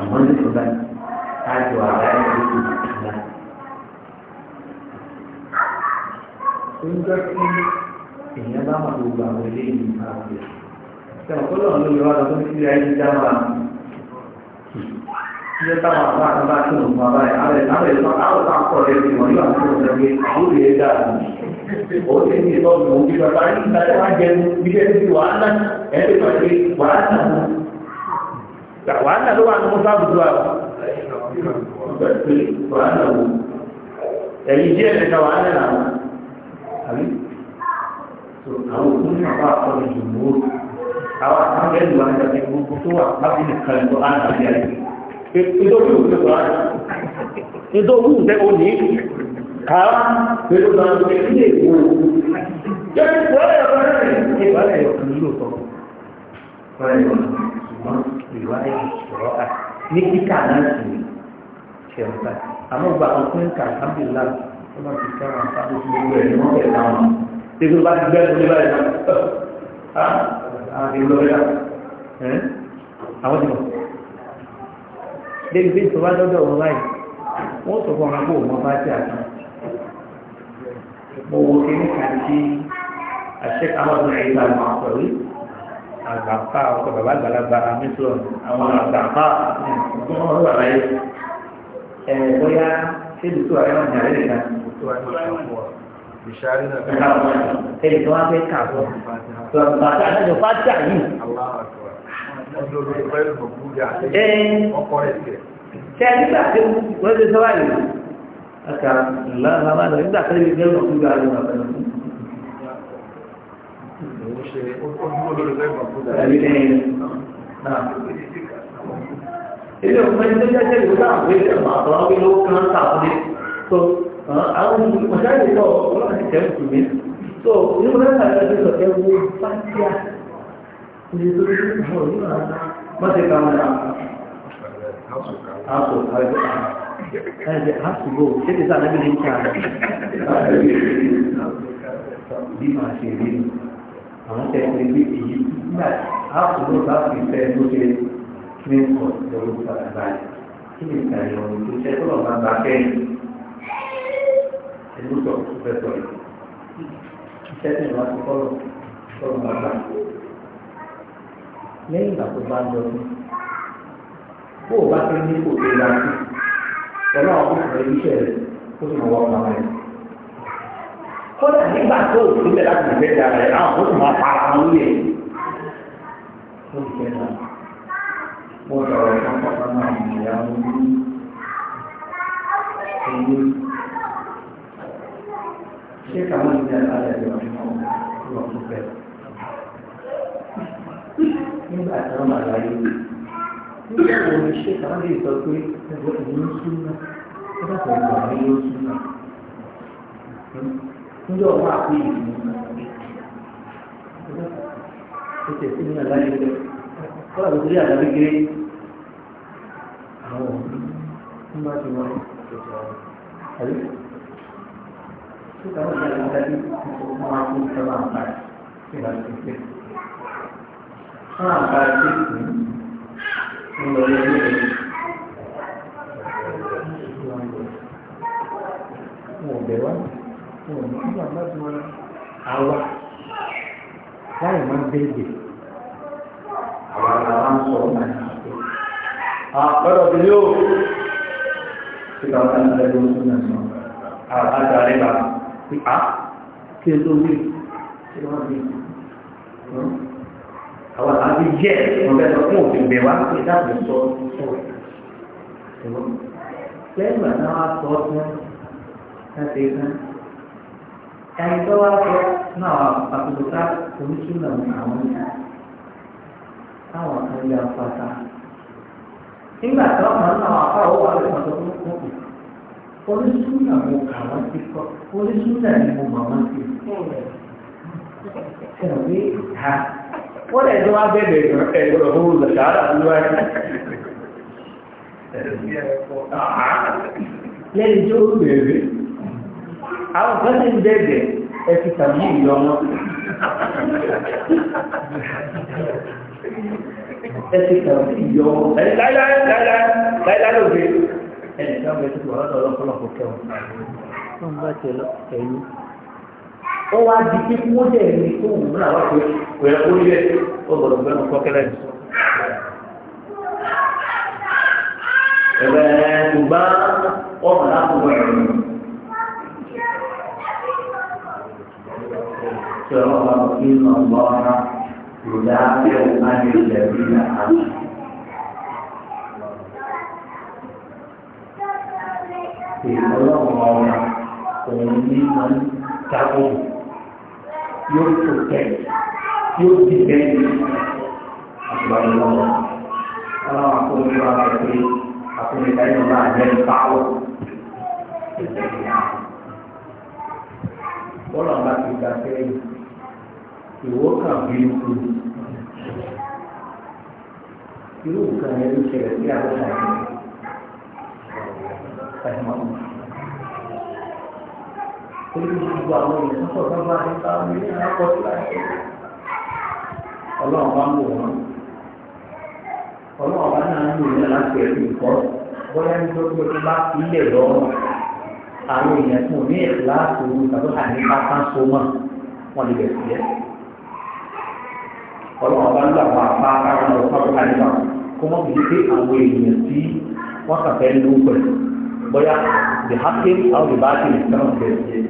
àmọ́ nípa kájọ àgbà ìlú ìtura. Oúnjẹ tí èèyàn bá máa gbogbo àwọn eléyìí ní àwọn ìlú. Sẹ́wọ̀n tó lọ́ọ̀ lóye wá lọ tó ń fi ayé dáwà. Ilé táwọn àbá kan bá tún òun bàbá rẹ̀, àwọn ìlànà ìlú àwọn kan kọ̀ lé ti wọ̀nyí àwọn tó ń sọ pé àwọn òye dáa ni. Òun ti ní ìtọ́jú òun bí bàbá yìí ń ta ẹ̀ wá jẹun, bí ṣe ti wàhálà, ẹ̀ ti pàṣẹ wàhálà wàhálà ló wà ní mọ́sá àbùdó àrùn ẹ̀yìn díẹ̀ lẹ́ta wàhálà náà àbí àwọn òkú ní àpá àkọlù ìjùmọ̀ àwọn àkọlù wà nígbà tí gbogbo tó wà láti lè kàn lọ àrùn àbí àyè nítorí òkú tó wà nítorí òkú tẹ́ òní kàá pẹ̀lú náà ní ilé ìwò jẹ́ ìwọ́lẹ̀ ọ̀rẹ́ rẹ̀ ìwọ́lẹ̀ ọ̀rẹ́ rẹ̀ ṣùgbọ́n ìwà ìṣòro à ní kíkà náà sì ní ṣẹ̀rù ká àmọ́ gba àwọn tó ń kà alhamdulillah tó máa ti kẹ́ wọn fáwọn tó gbogbo ẹ̀ ní wọ́n fẹ́ náà wọn. Ṣébi bá ti gbẹ́ lórí báyìí náà àwọn ìlú ọ̀rẹ́ àwọn ti Débi bí ìṣòro lọ́dọ̀ wọn báyìí, wọ́n sọ fún ọmọ bò wọ́n bá ti àtàn. Mo wo kíní kan tí àṣẹ àwọn ọmọ ẹ̀yìn bá máa pẹ̀lú àgbàfà ọkọ̀ bàbá àgbàlagbà amísọ̀ àwọn àgbàfà ọgbọ́n ọ̀rọ̀ àlàyé ẹ̀ bóyá ṣéèlú tó àrẹ́wọ̀n ní àrẹ́ nìkan. Bìṣárí náà fẹ́ kà fún ẹ̀. Ẹ̀yìn tó wá fẹ́ kà fún ẹ̀. Bàtà àjọ fájà yìí. Ṣé ẹ nígbà tí wọ́n ti sọ́wọ́ àyè? Àkà ńlá ńlá máa lọ nígbà tí wọ́n ti gbẹ́rù ọ̀gbìn ilé òfin tó jẹ́ jẹ́ ìgbà àwọn ilé àbọ̀ àwọn ilé òkè náà tàbí so àwọn ìmọ̀sáyé ìtọ́ ọlọ́run ti tẹ̀ ń tù mí so nínú mẹ́ta ẹ̀ka ti sọ ẹwu pàṣẹ ní tó ní àwọn òní máa wọ́n ti ka wọn náà àpò àjọ ẹ̀jẹ̀ àsùgbò ṣéde sáà náà bí ní kí a bí àwọn tẹ̀sí bí èyí nígbà áàpù bá fi fẹ́ tó ṣe ní ọ̀sẹ̀ lórí pàtàkì kí ni ìtàlẹ̀ ọ̀rọ̀ tó ṣe tó lọ́ọ́ bá fẹ́ ẹ̀lú sọ fẹ́ sọ yìí iṣẹ́ tí wọ́n ti kọ́ lọ sọ̀rọ̀ bàbá lẹ́yìn ìgbà tó bá lọ sí bó o bá fẹ́ ní kò tó lásì pẹ̀lú àwọn ọmọ ìṣẹ̀lẹ̀ ó sì mọ̀ wọ́n pa rẹ̀ kódà nígbà tó o láti ìgbẹ́ ìjà rẹ̀ náà ó sì máa fara mọ́ lé. ó ti fẹ́ náà mo sọ̀rọ̀ fún pápá náà mo yà wọ́n ní ẹni ṣé káwọn ìgbẹ́ alẹ́ rẹ̀ wọ́n mọ̀ wọ́n tún bẹ̀. nígbà tí wọ́n máa láyé nígbà wo ni ṣé káwọn lè sọ pé ẹ̀rọ ìlú ń sún náà ó bá tẹ̀lé àwọn ìlú ń sún náà níjọ́ ọ̀pá àti ìlú ó ti sí ní àlàyé kọ́lá tó torí àgbà kékeré àwọn ọ̀hún bá ti wọ́n ètò ọ̀rọ̀ àbí tó kàwé ìgbà tó dájú ọmọ akó sábà ń parí sí ìlànà tó pé sábà ń parí sí ìlú ń lọ sí ẹgbẹ́ rẹ̀. Wọ́n bẹ̀ wá wọn ní ìgbà láti wọn láì máa bẹ́ẹ̀dẹ̀ àwa làwa ń sọ ọ́nà àti yóò ṣe ká wọn ní ẹgbẹ́ oṣù náà àwọn adarí bá á kí ẹ tó wí kí wọ́n bí àwọn àti jẹ́ ọ̀bẹ́ lọ fún òfin bẹ̀ wá pé dáàbò sọ lẹ́yìn ìgbà sọ ọ́ tán láti ẹni tó wá sọ náà àpòlùkà oníṣúná àwọn ìyá táwọn kan yà pátá nígbà tí wọn máa ń náà apá owó àwọn ìmọ̀ tó kún kún oníṣúná mo kà wọ́n ti kọ́ oníṣúná ni mo mọ̀ wọ́n ti kọ́ ẹ̀wé ha wọ́n lè ní wá bẹ̀rẹ̀ ẹ̀rọ òhun lọ̀ṣàrà lọ́wọ́ lẹ́yìn tó bẹ̀rẹ̀ àwọn kan ti ń bẹ̀rẹ̀ ẹ ti tàbí ìyọ wọn ẹ ti tàbí ìyọ wọn ẹ láíláí láíláí láíláí lóde ẹ nìkan bẹ tó wà lọ́dọ̀ ọlọ́pọ̀lọpọ̀ kẹwọn wọn bá tẹ ẹ̀yìn ó wá di pé kí wọ́n dẹ̀ ní tó wù náà wá pé kò yẹ kó yẹ ó gbọ́dọ̀ gbẹ́ mọ́ kọ́kẹ́lẹ́ nì. ẹ̀rẹ̀ ṣùgbọ́n ọ̀rọ̀ láti wọ̀ ẹ̀rọ صراط إن الله يدافع عن الذين آمنوا Ìfọlọ́wọ́ òun ní máa ń yóò tó tẹ̀ yóò ti bẹ́ẹ̀ àgbàdo Ọlọ́run àkóńtò àgbẹ̀ pé àkóńtò ìdájọ́ máa jẹ́ ìpáwọ̀ bọ́lá bá ti ga sẹ́yìn ìwọ kà bí ikú irú nǹkan yẹn ló ṣẹlẹ̀ sí àwọn àgbẹ̀ ẹ̀mọ́. Olú gbogbo àwọn èèyàn sọ̀rọ̀ bá bá ní bá mi ní akọ síláṣẹ́. Ọlọ́run bá ń wò wọ́n. Ọlọ́run bá náà ń lò ní aláṣẹ ìkọ́ bóyá nítorí pé bá ilẹ̀ lọ́rùn àwọn èèyàn tí wọn ní ìlàsì òun tàbí àní pápá so mọ wọn lè bẹ̀rẹ̀ sílẹ̀ ọlọ́wọ́ bá ń gbà wá apá ara lọ sábà àní wà kó wọ́n fi dé àwọn èèyàn tí wọ́n kàfẹ́ ló pẹ̀lú bóyá the happy how the bad thing is not bẹ̀rẹ̀ sílẹ̀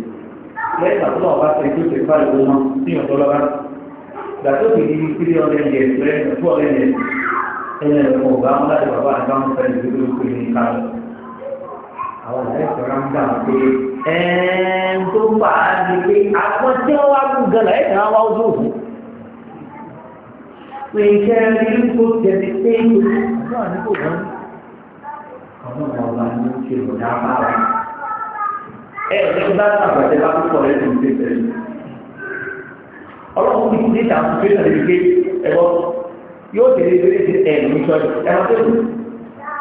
lẹ́yìn àtúnlọ́wọ́ bá ṣe tó ṣe fáìlì owó mọ́ sí ọ̀dọ́lọ́wọ́ gbàtó fi di three hundred years lẹ́yìn two hundred years ẹ̀yìn ẹ̀kọ́ ọ̀gá wọn láti bàbá àgbà wọn fẹ́ẹ́ lè dúró pé ní kárọ̀ àwọn ọ̀rẹ́ ìṣọ̀rọ̀ ń gbà pé ẹ̀ẹ́n tó fà á ni pé àwọn tí wọ́n wá kú gan lẹ́yìn náà wá ojú òfin. pé iṣẹ́ rí kó tẹ̀lé pé náà ní kò wọ́n. àwọn ọmọ ọba ní ṣe ìrọ̀lẹ́ abára. ẹ ẹ bá sàbàtẹ bá tó sọ̀rọ̀ ẹ̀sìn tó tẹ̀lé. ọlọ́run ti ní ìtàn fún fẹ́ràn ìgbé ẹ̀rọ yóò tẹ̀lé ìgbé ẹ̀rọ ìṣọ̀rọ̀ ẹ̀rọ tó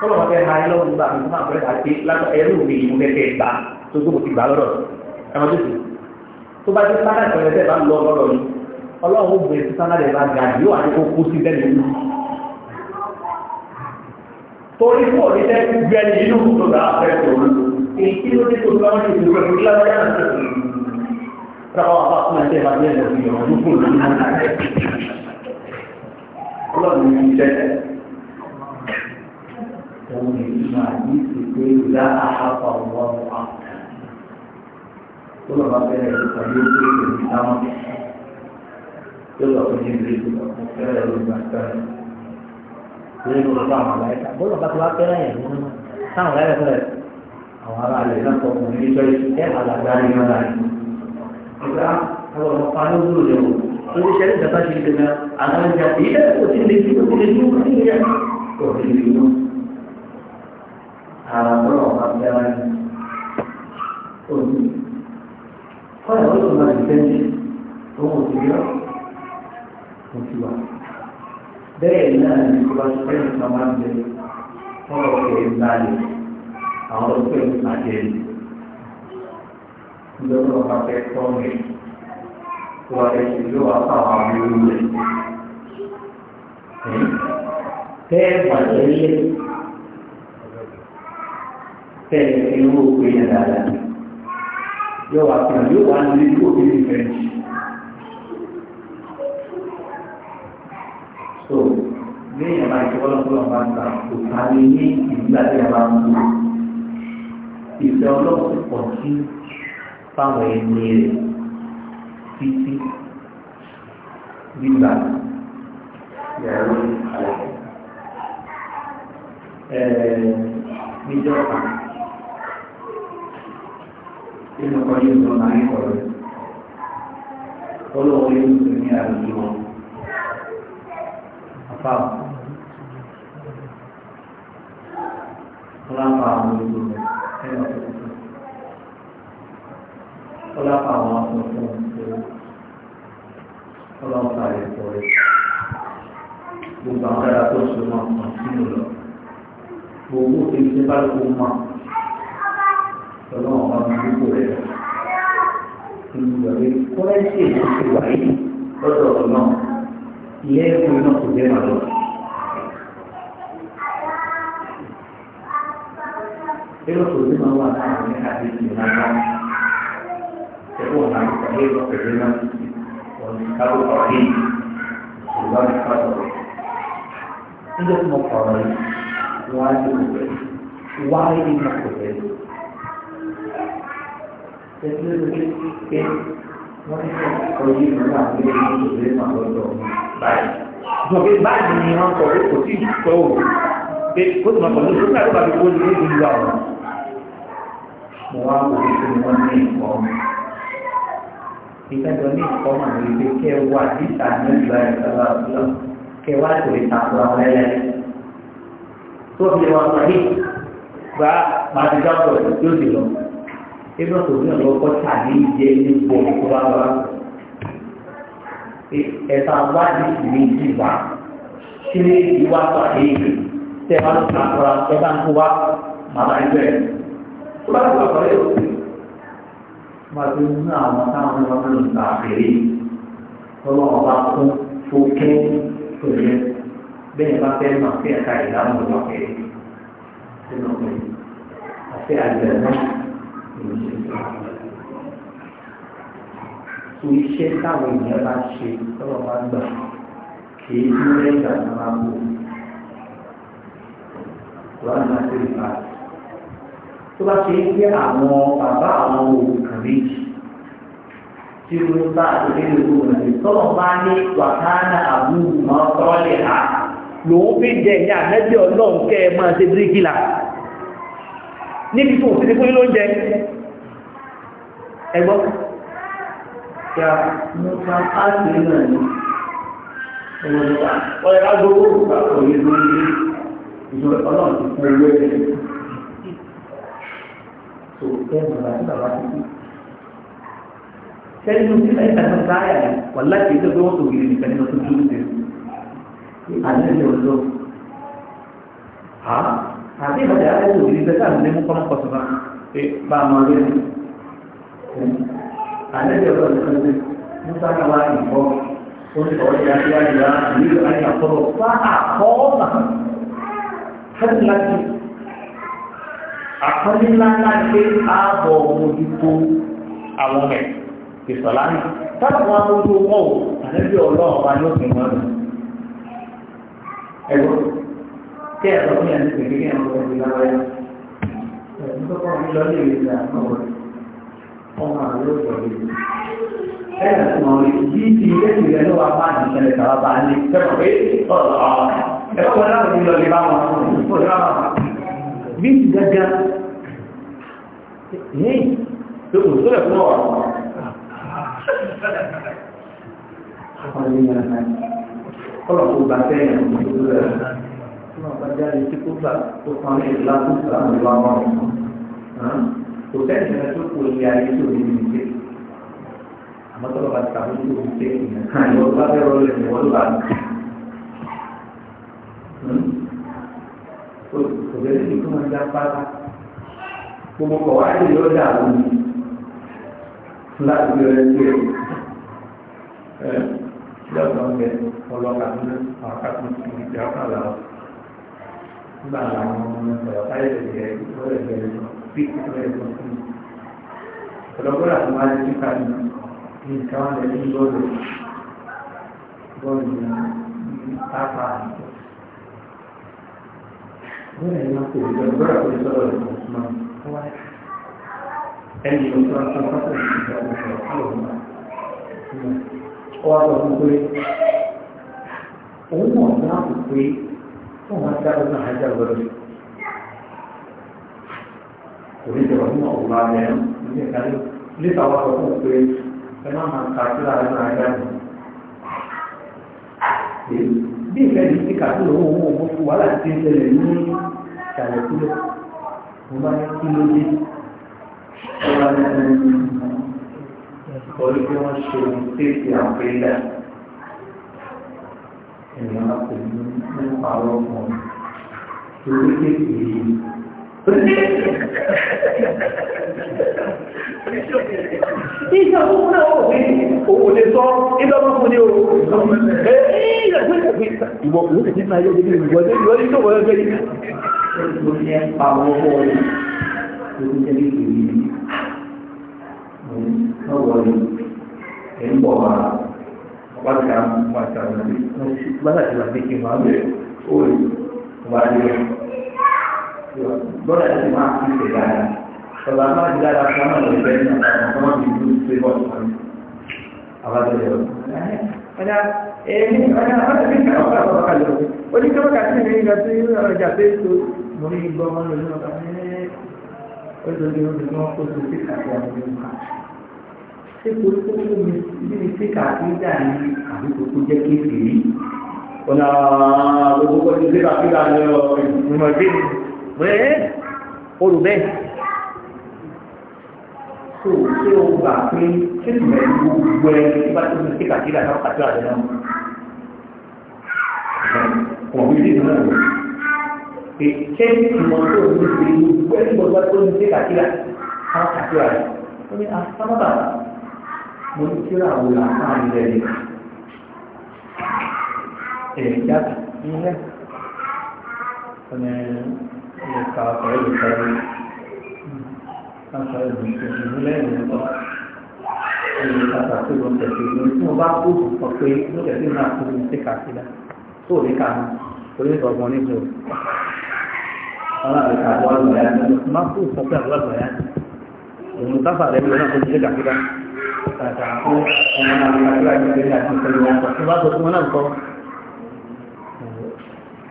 kọ́lọ̀ wọn fẹ́ ha ẹ lọ́wọ́ nígbà mi máa fẹ́ àti ẹrú mi ìmú fẹ́fẹ́ gbà tó gbogbo ti gbà lọ́dọ̀ ẹ̀wọ̀n tó sì tó bá ti sáà ìpẹ̀lẹ̀ tẹ́ bá lọ lọ́dọ̀ ni ọlọ́run ó bẹ̀rẹ̀ sí sáà rẹ̀ bá ga yóò àti kó kú sí bẹ́ẹ̀ nínú. torí fún òní tẹ́ kú gbẹ ní inú tó dá fẹ́ tó èyí tí ló dé tó tó àwọn ètò ìgbà tó lábẹ́ náà Ọlọ́run ní ìṣẹ́ كون يسمع حديث يقول لا أحاط الله عبدا كل ما كان يقول في الإسلام يلا قديم ريكو مكتبه المكتبه ريكو رفع ملائكة بقول لك بقى كده يعني سامع ملائكة كده أو هذا على إذا قوم من يجي كده على داري ملائكة كده هو مقام دول يوم كل شيء ده باشي كده أنا جاي إيه وتنزل كده كده يوم كده يوم àrà bọ́lọ̀ ọ̀pá bí òní. Kọ́lá ó lò máa dìbẹ́ ní òun ò ti kò ti wà. Bẹ́ẹ̀ náà ni kò bá ṣe fẹ́ràn kan máa ń bẹ ọ̀rọ̀ òkèèrè ńlá ni àwọn ọ̀pẹ̀ ìpàdé ni. Ìjọba ọ̀pá fẹ́ kọ́ mi. Wọ́n ẹ̀ ṣe yóò wá fáwọn àmì orí rẹ̀. Bẹ́ẹ̀ pàdé lé tẹ̀lé fi ń wò pé yẹn dáadáa yóò wá fún yóò wá nílé kó o ní ìfẹ́ jì. so ní ìyàmá ìfọwọ́lọ́pọ̀lọ́ máa ń ta kò ká lé ní ìgbà tí a máa ń lò ìfẹ́ ọlọ́pọ̀ pọ̀ sí fáwọn ẹni rẹ̀ títí gbígbà yàrá ẹ̀ẹ́dẹ́gbẹ̀ta nínú ọkọ̀ yóò sọ náà ikọ̀ rẹ̀ olóòwò yóò sọ ní àwùjọ wọn apá ọlápá àwọn ìlú rẹ̀ ẹ̀rọ tuntun ọlápá àwọn afọ̀fọ̀ ọlọ́pàá ẹ̀kọ́ rẹ̀ gbogbo àwọn dára tó so máa kàn sínú lọ gbogbo òfin tí bá lóko máa ọlọ́run ọba mi dúpọ̀ rẹ̀ ìgbàgbé kọ́lẹ́sì èyí ti wà yìí lọ́dọ̀ ọ̀nà ilé ẹ̀kọ́ iná kò dé màlọ́. Ero kò dé màá wà láàrin àti ìgbìmọ̀ náà. Ẹ̀kọ́ ọ̀nà ìpàdé ẹ̀rọ kò dé màá ọ̀nà ìkáwọ́ pàdé ìgbà nípa sọ̀rọ̀. Níjẹ́ tí mo kọ̀ yìí, wọ́n á dé òkè. Wáyé ní mo kò 就是给我可以很好的准备嘛，我走，拜。我给拜你，我走，我去走。给我怎么可能出来？我把这锅子给丢掉了。我啊，我就是我内功。kita ini orang lebih kewajiban dari Allah kewajiban orang lain. Tuh dia wajib, bah, mari kita berjuang dulu ebi wọn kò ní ọ̀dọ́ ọkọ tàbí ìjẹ ní gbogbo tó bá wá ẹ̀ka wádìí ìwé ìdìbà kí ni ìwà tó àdéhìí tẹ bá ló kà kọ́ra ẹ bá ń kó wá màmá ẹgbẹ́ tó bá ló kà kọ́ra yóò fi máa fi mú àwọn táwọn ọmọ náà gbà péré lọ́wọ́ ọba kú fókè péré bẹ́ẹ̀ bá fẹ́ máa fi ẹ̀ka ìdáhùn lọ́pẹ́ nínú pé àti àgbẹ̀ náà tó iṣẹ́ táwọn èèyàn bá ṣe tọ́wọ́ bá gbà kì í ní lẹ́gbàá tó máa bò wọ́n máa ṣe ìgbà tó bá ṣe é pé àwọn bàbá àwọn òkùnkàn méjì tí o bá àtúndé lòlù rẹ̀ tọ́wọ́ bá ní wàhálà àbúrò máa tọ́ lè ha lòun fi jẹ ìyá àmẹ́bí ọlọ́run kẹ́ ẹ máa ṣe bíríkìlà níbi tó ti ní fún yín lóúnjẹ ẹgbọ́ kí a mú ká áàtì náà ní ọmọ ìgbà ọ̀rẹ́ agbóhùn ìgbà òye lórí ìjọ ọlọ́run ti fún ewé rẹ̀ tó kẹ́ bàbá tí bàbá ti kú sẹ́yìn tí ẹ̀yìn tàbí sáyà yìí wà láti ẹgbẹ́ gbọ́wọ́ tó yìí nìkan nínú tó dúró dé àlẹ́ ìlú ọ̀dọ́ àbí ìbàdí àlẹ́ ìlú ìdílé sáà ní mú kọ́mọ́kọ́sọ̀ bá máa lé àlejò ọ̀rọ̀ ìṣẹ́lẹ̀ musa náà wá ìbọn ó ní ọ̀rọ̀ ìyá tí a yà á nílò ayé àkọ́rọ̀ fá àkọ́ọ̀mà fẹ́ẹ̀ láti àkọ́lé ńláńlá pé ààbọ̀ mojútó àwọn ẹ̀ ìsọ̀lá ní tábàwọn amójú wọn ò àlejò ọlọ́run wa ní òkè wọn lọ ẹ̀rọ kí ẹ̀rọ fún yàrá ìpèníkẹ́ ọ̀rọ̀ ìlànà ẹ̀ ẹ̀ ń tọ́kọ̀ ń lọ ní ìrìnà ọ̀rọ̀ ọmọ àlọ́ ìjọba ẹ̀rọ mọ̀ bí ti ilé ìrẹ́ ló wà bá àdìsẹ́lẹ̀ tàbá bá ní tẹ́lọ̀ pé ọ̀rọ̀ ẹ̀rọ wọn láwọn ìlọ lè bá wọn kó lè bá wọn. bí ti gẹ́gẹ́ kò sẹ́yìn náà tó kó ilé ayé tó ní ní pé àmọ́ tọ́lọ́ bá ti kàwé tó ní pé ìyẹn ìwọ bá fẹ́ rọ lẹ̀ ìwọ ló bá ní. òbẹ̀rẹ̀ ní kí wọ́n já pátá gbogbo kọ̀ wá lè yọ dà wọ́n ní láti bí ọ̀rẹ́ pé ẹ lọ́sọ̀ ń bẹ ọlọ́ka ní àkàtú ìdí ìjà kan làwọn nígbà làwọn ọmọ náà sọ̀rọ̀ táyà ìdíyẹ ìfọ̀rẹ̀ bẹ̀rẹ̀ náà sí ìpínlẹ̀ ọ̀sán ọ̀dọ́gbọ́n àti máa ń kíkà ní nǹkan wọn lẹ́yìn bọ́ọ̀lù bọ́ọ̀lù pápá wọ́n lè máa kó ìjọ ìgbọ́ra kó sọ̀rọ̀ ìgbọ̀ ọ̀sán ẹni tó sọ sọ pátá ìgbà ọ̀sán ọ̀sán ọ̀sán ọ̀sán pé ní ọ̀gbà rẹ̀ ní ẹ̀ka níta wà sọ fún pé ẹ má máa ka síra rẹ̀ náà ẹ̀dá nù. bí ìfẹ́ yìí ti kàtó lọ́wọ́ owó owó fún wàhálà ti ń ṣẹlẹ̀ ní ìṣàlẹ̀ sílẹ̀ mo bá ní kí ló dé ọba ní ọdún tí wọ́n ṣe ní tèèkì àpéyà ènìyàn láti ní pàrọ̀ ọmọ torí kéèkì yìí. Iṣẹ́ fún náà ní òwò lè sọ ìdọ́gbọ́n fún ní o. Ìwọ̀ kò tẹ̀sí máa yóò débi ìwọ̀ tó yọ nínú ọ̀rọ̀ ẹgbẹ́ yìí. Mo ní ẹ̀pà wọ́n bọ̀ ọ́ ló ń jẹ́ nígbè yìí. Mo wọ̀ ní ẹ̀ ń bọ̀ wá. Wọ́n ti ká wọ́n ti ká wọ́n ti. Bọ́lá ti wà ní kí n máa bẹ̀rẹ̀. Ó rè wá ní ẹ̀ lọ́dà tí máa fi ṣe dáadáa ọ̀la máa di dáadáa fún ọmọ rẹ̀ bẹ́ẹ̀ ní ọ̀la ọmọ mi ló ṣe bọ̀ sọ́ọ́ àbájáde ọ̀la. ọ̀la ẹni ọ̀la ọ̀la mi kà ọ̀la ọ̀la kà lọ oníkẹ́wọ́ kà sí ìrìn àti ìrìn ọjà pé ètò mo ní gbọ́ ọmọ rẹ̀ ní ọ̀la ọ̀dọ́dọ́ ọdún wọn kó tó sí kàtó àwọn ọmọ ṣé kò tó kó mi níbi tí kàtó dà ní àdúgbò tó jẹ́ kékeré ọ̀nà gbogbo ọdún sí kàtó dà ní ọ̀rọ̀ ìmọ̀ pé olùbẹ́ tó ṣé o gbà pé kí ni mẹ́rin gbogbo ẹ tí bá tó ní kíkà kíkà náà kàtó àdé náà kò ní sí ìdúró pé kí ni ìmọ̀ tó ní sí gbogbo ẹ tí bá tó ní kíkà kíkà náà kàtó àdé ó ní asábàbà mo ní kíra àwọn làákàá ilẹ̀ nìkan ẹ̀yìn jáde nílẹ̀ ọ̀nà ẹ̀rọ ìka ọ̀pọ̀ ìlú kẹrù ọ̀pọ̀ ìlú kẹrù lẹ́yìn ọ̀pọ̀ ìlú kàtà tó lọ tẹ̀sí ìlú tí mo bá kú sọ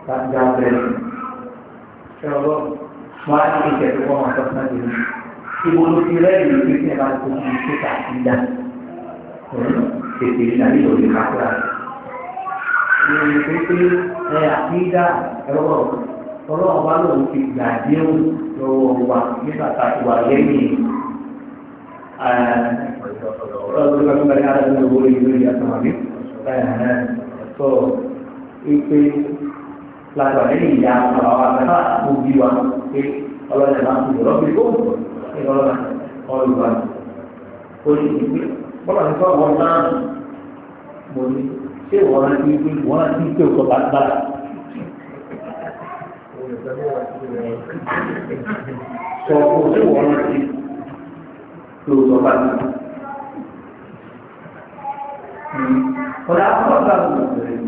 pé mo ẹ̀rọ wọn á ní ìjẹ̀dú wọn wọn tọ́sán lè ní ibo ló ti rẹ́ẹ̀lì pé kí ẹ bá tó fi ṣe kà sí dá tètè ìdálé òde kápẹ́rà ìròyìn pé pé ẹ àfíìdá ẹ̀rọ ọlọ́run bá lòun ti gbà déhùn lọ́wọ́ wa nígbà tá a ti wà lẹ́yìn ọlọ́run tó bá ń bá ní adájọ́ ìwé lájọ lẹ́yìn ìyá àwọn àwọn àgbà òbí wa pé ọlọ́dẹ máa ń fi ìrọ́ bí kóòtù ní ọlọ́dẹ ọlùwà ó ní ìpín bọ́lá ní fọ́ wọn náà mo ní ṣé wọn á ti pé wọn á ti pé òkò bá bá la. sọ fún ṣé wọn á la. Kọ́lá àwọn ọ̀gá àwọn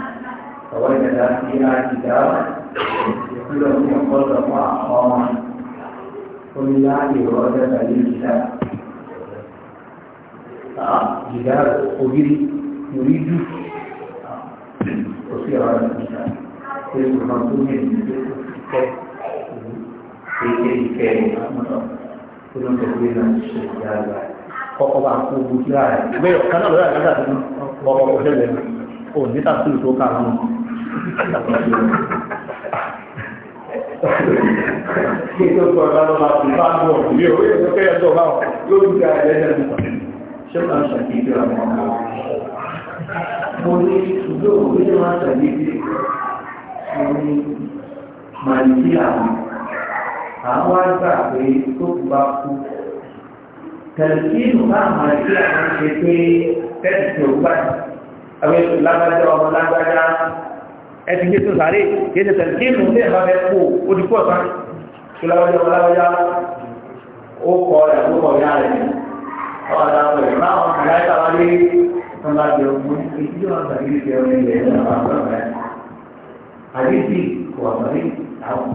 فوجد فيها كتابا كل منهم قدر وأحقاما ولله وجد للكتاب جدار قبيل يريد أصير على الإنسان يجب المنظومة في كيف كلهم تقريبا الشيء kọ́kọ́ bá kó ojú láàrin. ìgbé ọ̀kan náà lọ́yà nígbà tí wọ́n kọ́kọ́ ṣẹlẹ̀ ò ní tàbí tó kà mọ́. Kí tó sọ ìlànà láti bá ń bọ̀ ní orí ẹ̀sọ́kẹ́ ẹ̀sọ́ bá wọn lórí ìjà ẹ̀lẹ́jẹ̀ nípa. Ṣé ó máa ṣàkí ìjọ àwọn ọmọ Mo ní ṣùgbọ́n òun ní máa ṣàkí àgbà pé tó bá kú. Tẹ̀lifíìmù bá màlìkí àwọn ṣe pé tẹ́lifíìmù bá àwọn ètò lágbájá ọmọ lágbájá ẹ̀tìgbésùn sáré kéde tẹ̀lẹ̀kínù ní ìbáfẹ́ kú odìkú ọ̀sán kíláwọ́jọ́ ọláwọ́já ó kọ rẹ̀ ó kọ ìyá rẹ̀ ọwọ́ adáwọ̀ rẹ̀ báwọn ọ̀gá ìtàwá lé ọ̀gá jẹ ọmọ ìdílé ọ̀sán ìdílé jẹ ọmọ ilẹ̀ ẹ̀ náà bá rẹ̀ àdéhì kò ọ̀sán ní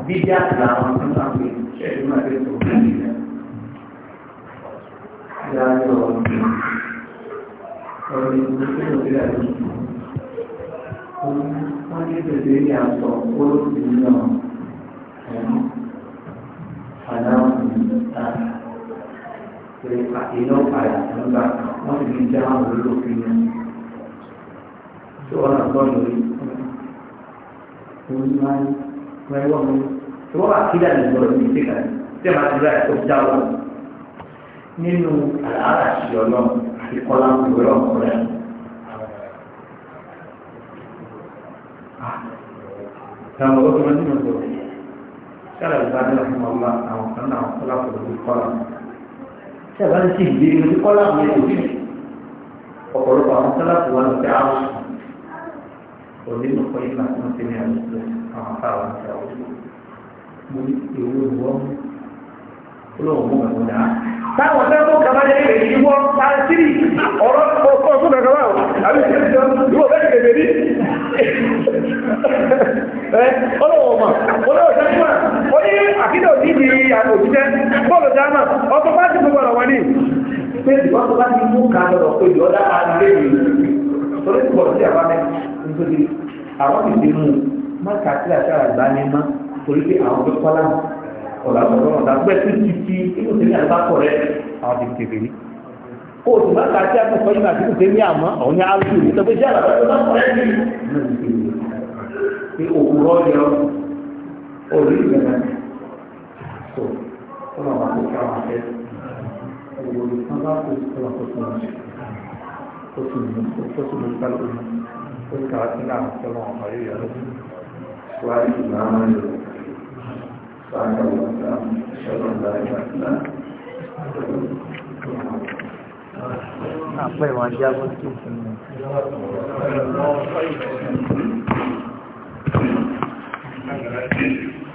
bíjà làwọn tó máa fi ṣẹ́ẹ̀dì máa fi tó kí ìlẹ̀ ìyá ọ̀rọ̀ ọ̀rọ̀ ìgbésẹ̀ wọ́n ní bèbè ní àtọ̀ olóòtú náà ẹ̀mú aláwọ̀ nígbà pé iná padà nígbà wọ́n sì ní já àwọn olóòtú náà tí wọ́n náà gbọ́ lórí wọ́n máa ń wọ́n ẹ̀wọ̀n mi tí wọ́n bá kídà nìgbọ́ ní ìdíkà tí wọ́n bá ti báyìí tó jáwọ́ nínú àlàáfíà ọlọ́run àti kọ́lá ọlọ́run rẹ̀. táwọn ọ̀rọ̀ tó máa ń dínà bọ̀ ṣáàlà ìbáni ọ̀hún ọ̀la àwọn kan náà kọ́lá kò lórí kọ́lá tí a bá ń sì gbé lórí kọ́lá àwọn èèyàn òbí ọ̀pọ̀lọpọ̀ àwọn kọ́lá kò wá lórí àwọn òní ló kọ́ ìlà tó ń tẹ̀lé àwọn ìlú àwọn afáwà àti àwọn mo ní ìwé ìwọ́n olóòwò mọ̀ táwọn tẹ́kọ̀ kaba yẹ kẹ̀ yìí wọ́n ta sírì ọ̀rọ̀ ọkọ̀ ọ̀tún kà kaba àbí ìṣẹ́jọ́ ìwọ̀ bẹ́ẹ̀ kẹ̀ bẹ̀rí. ọlọ́wọ̀ ọmọ ọlọ́wọ̀ sẹ́kùmá ó ní àkídọ̀ ní ibi òṣìṣẹ́ bọ́ọ̀lù dáná ọkọ̀ bá ti gbogbo ọ̀rọ̀ wọn ní. pé ìwọ́n tó bá ti mú ká lọ pé ìyọ́dá á lé mi torí ti bọ̀rọ̀ sí àbámẹ́ nítorí àwọn ìdè mú má kà sí àṣà àgbá ní má torí pé àwọn tó kọ́ láwọn ọ̀là tọ̀tọ̀rọ̀ dàgbẹ́ sí ti ti inú tèmi àgbà kọ̀ rẹ̀ àwọn ti tètè rí kó o sì bá ta tí a kò sọ yìí àti tètè ní àmọ́ àwọn ní àlùkò ní tẹ̀gbẹ́ sí àlàbà tó bá kọ̀ rẹ̀ ní ní òwúrọ̀ yọ orí ìgbẹ́nà tó ọmọ àwọn akókò àwọn akẹ́ òwúrọ̀ kan bá kó ọmọ akókò wọn ṣe ó sì mú ó sì mú kálukú ó sì kàwá sí náà ọmọ àwọn ọmọ yóò yọ lọ sí wáyé ìgbà wọn yóò فأنا أشهد أن لا إله إلا أنت أعطيه أجابة Thank you.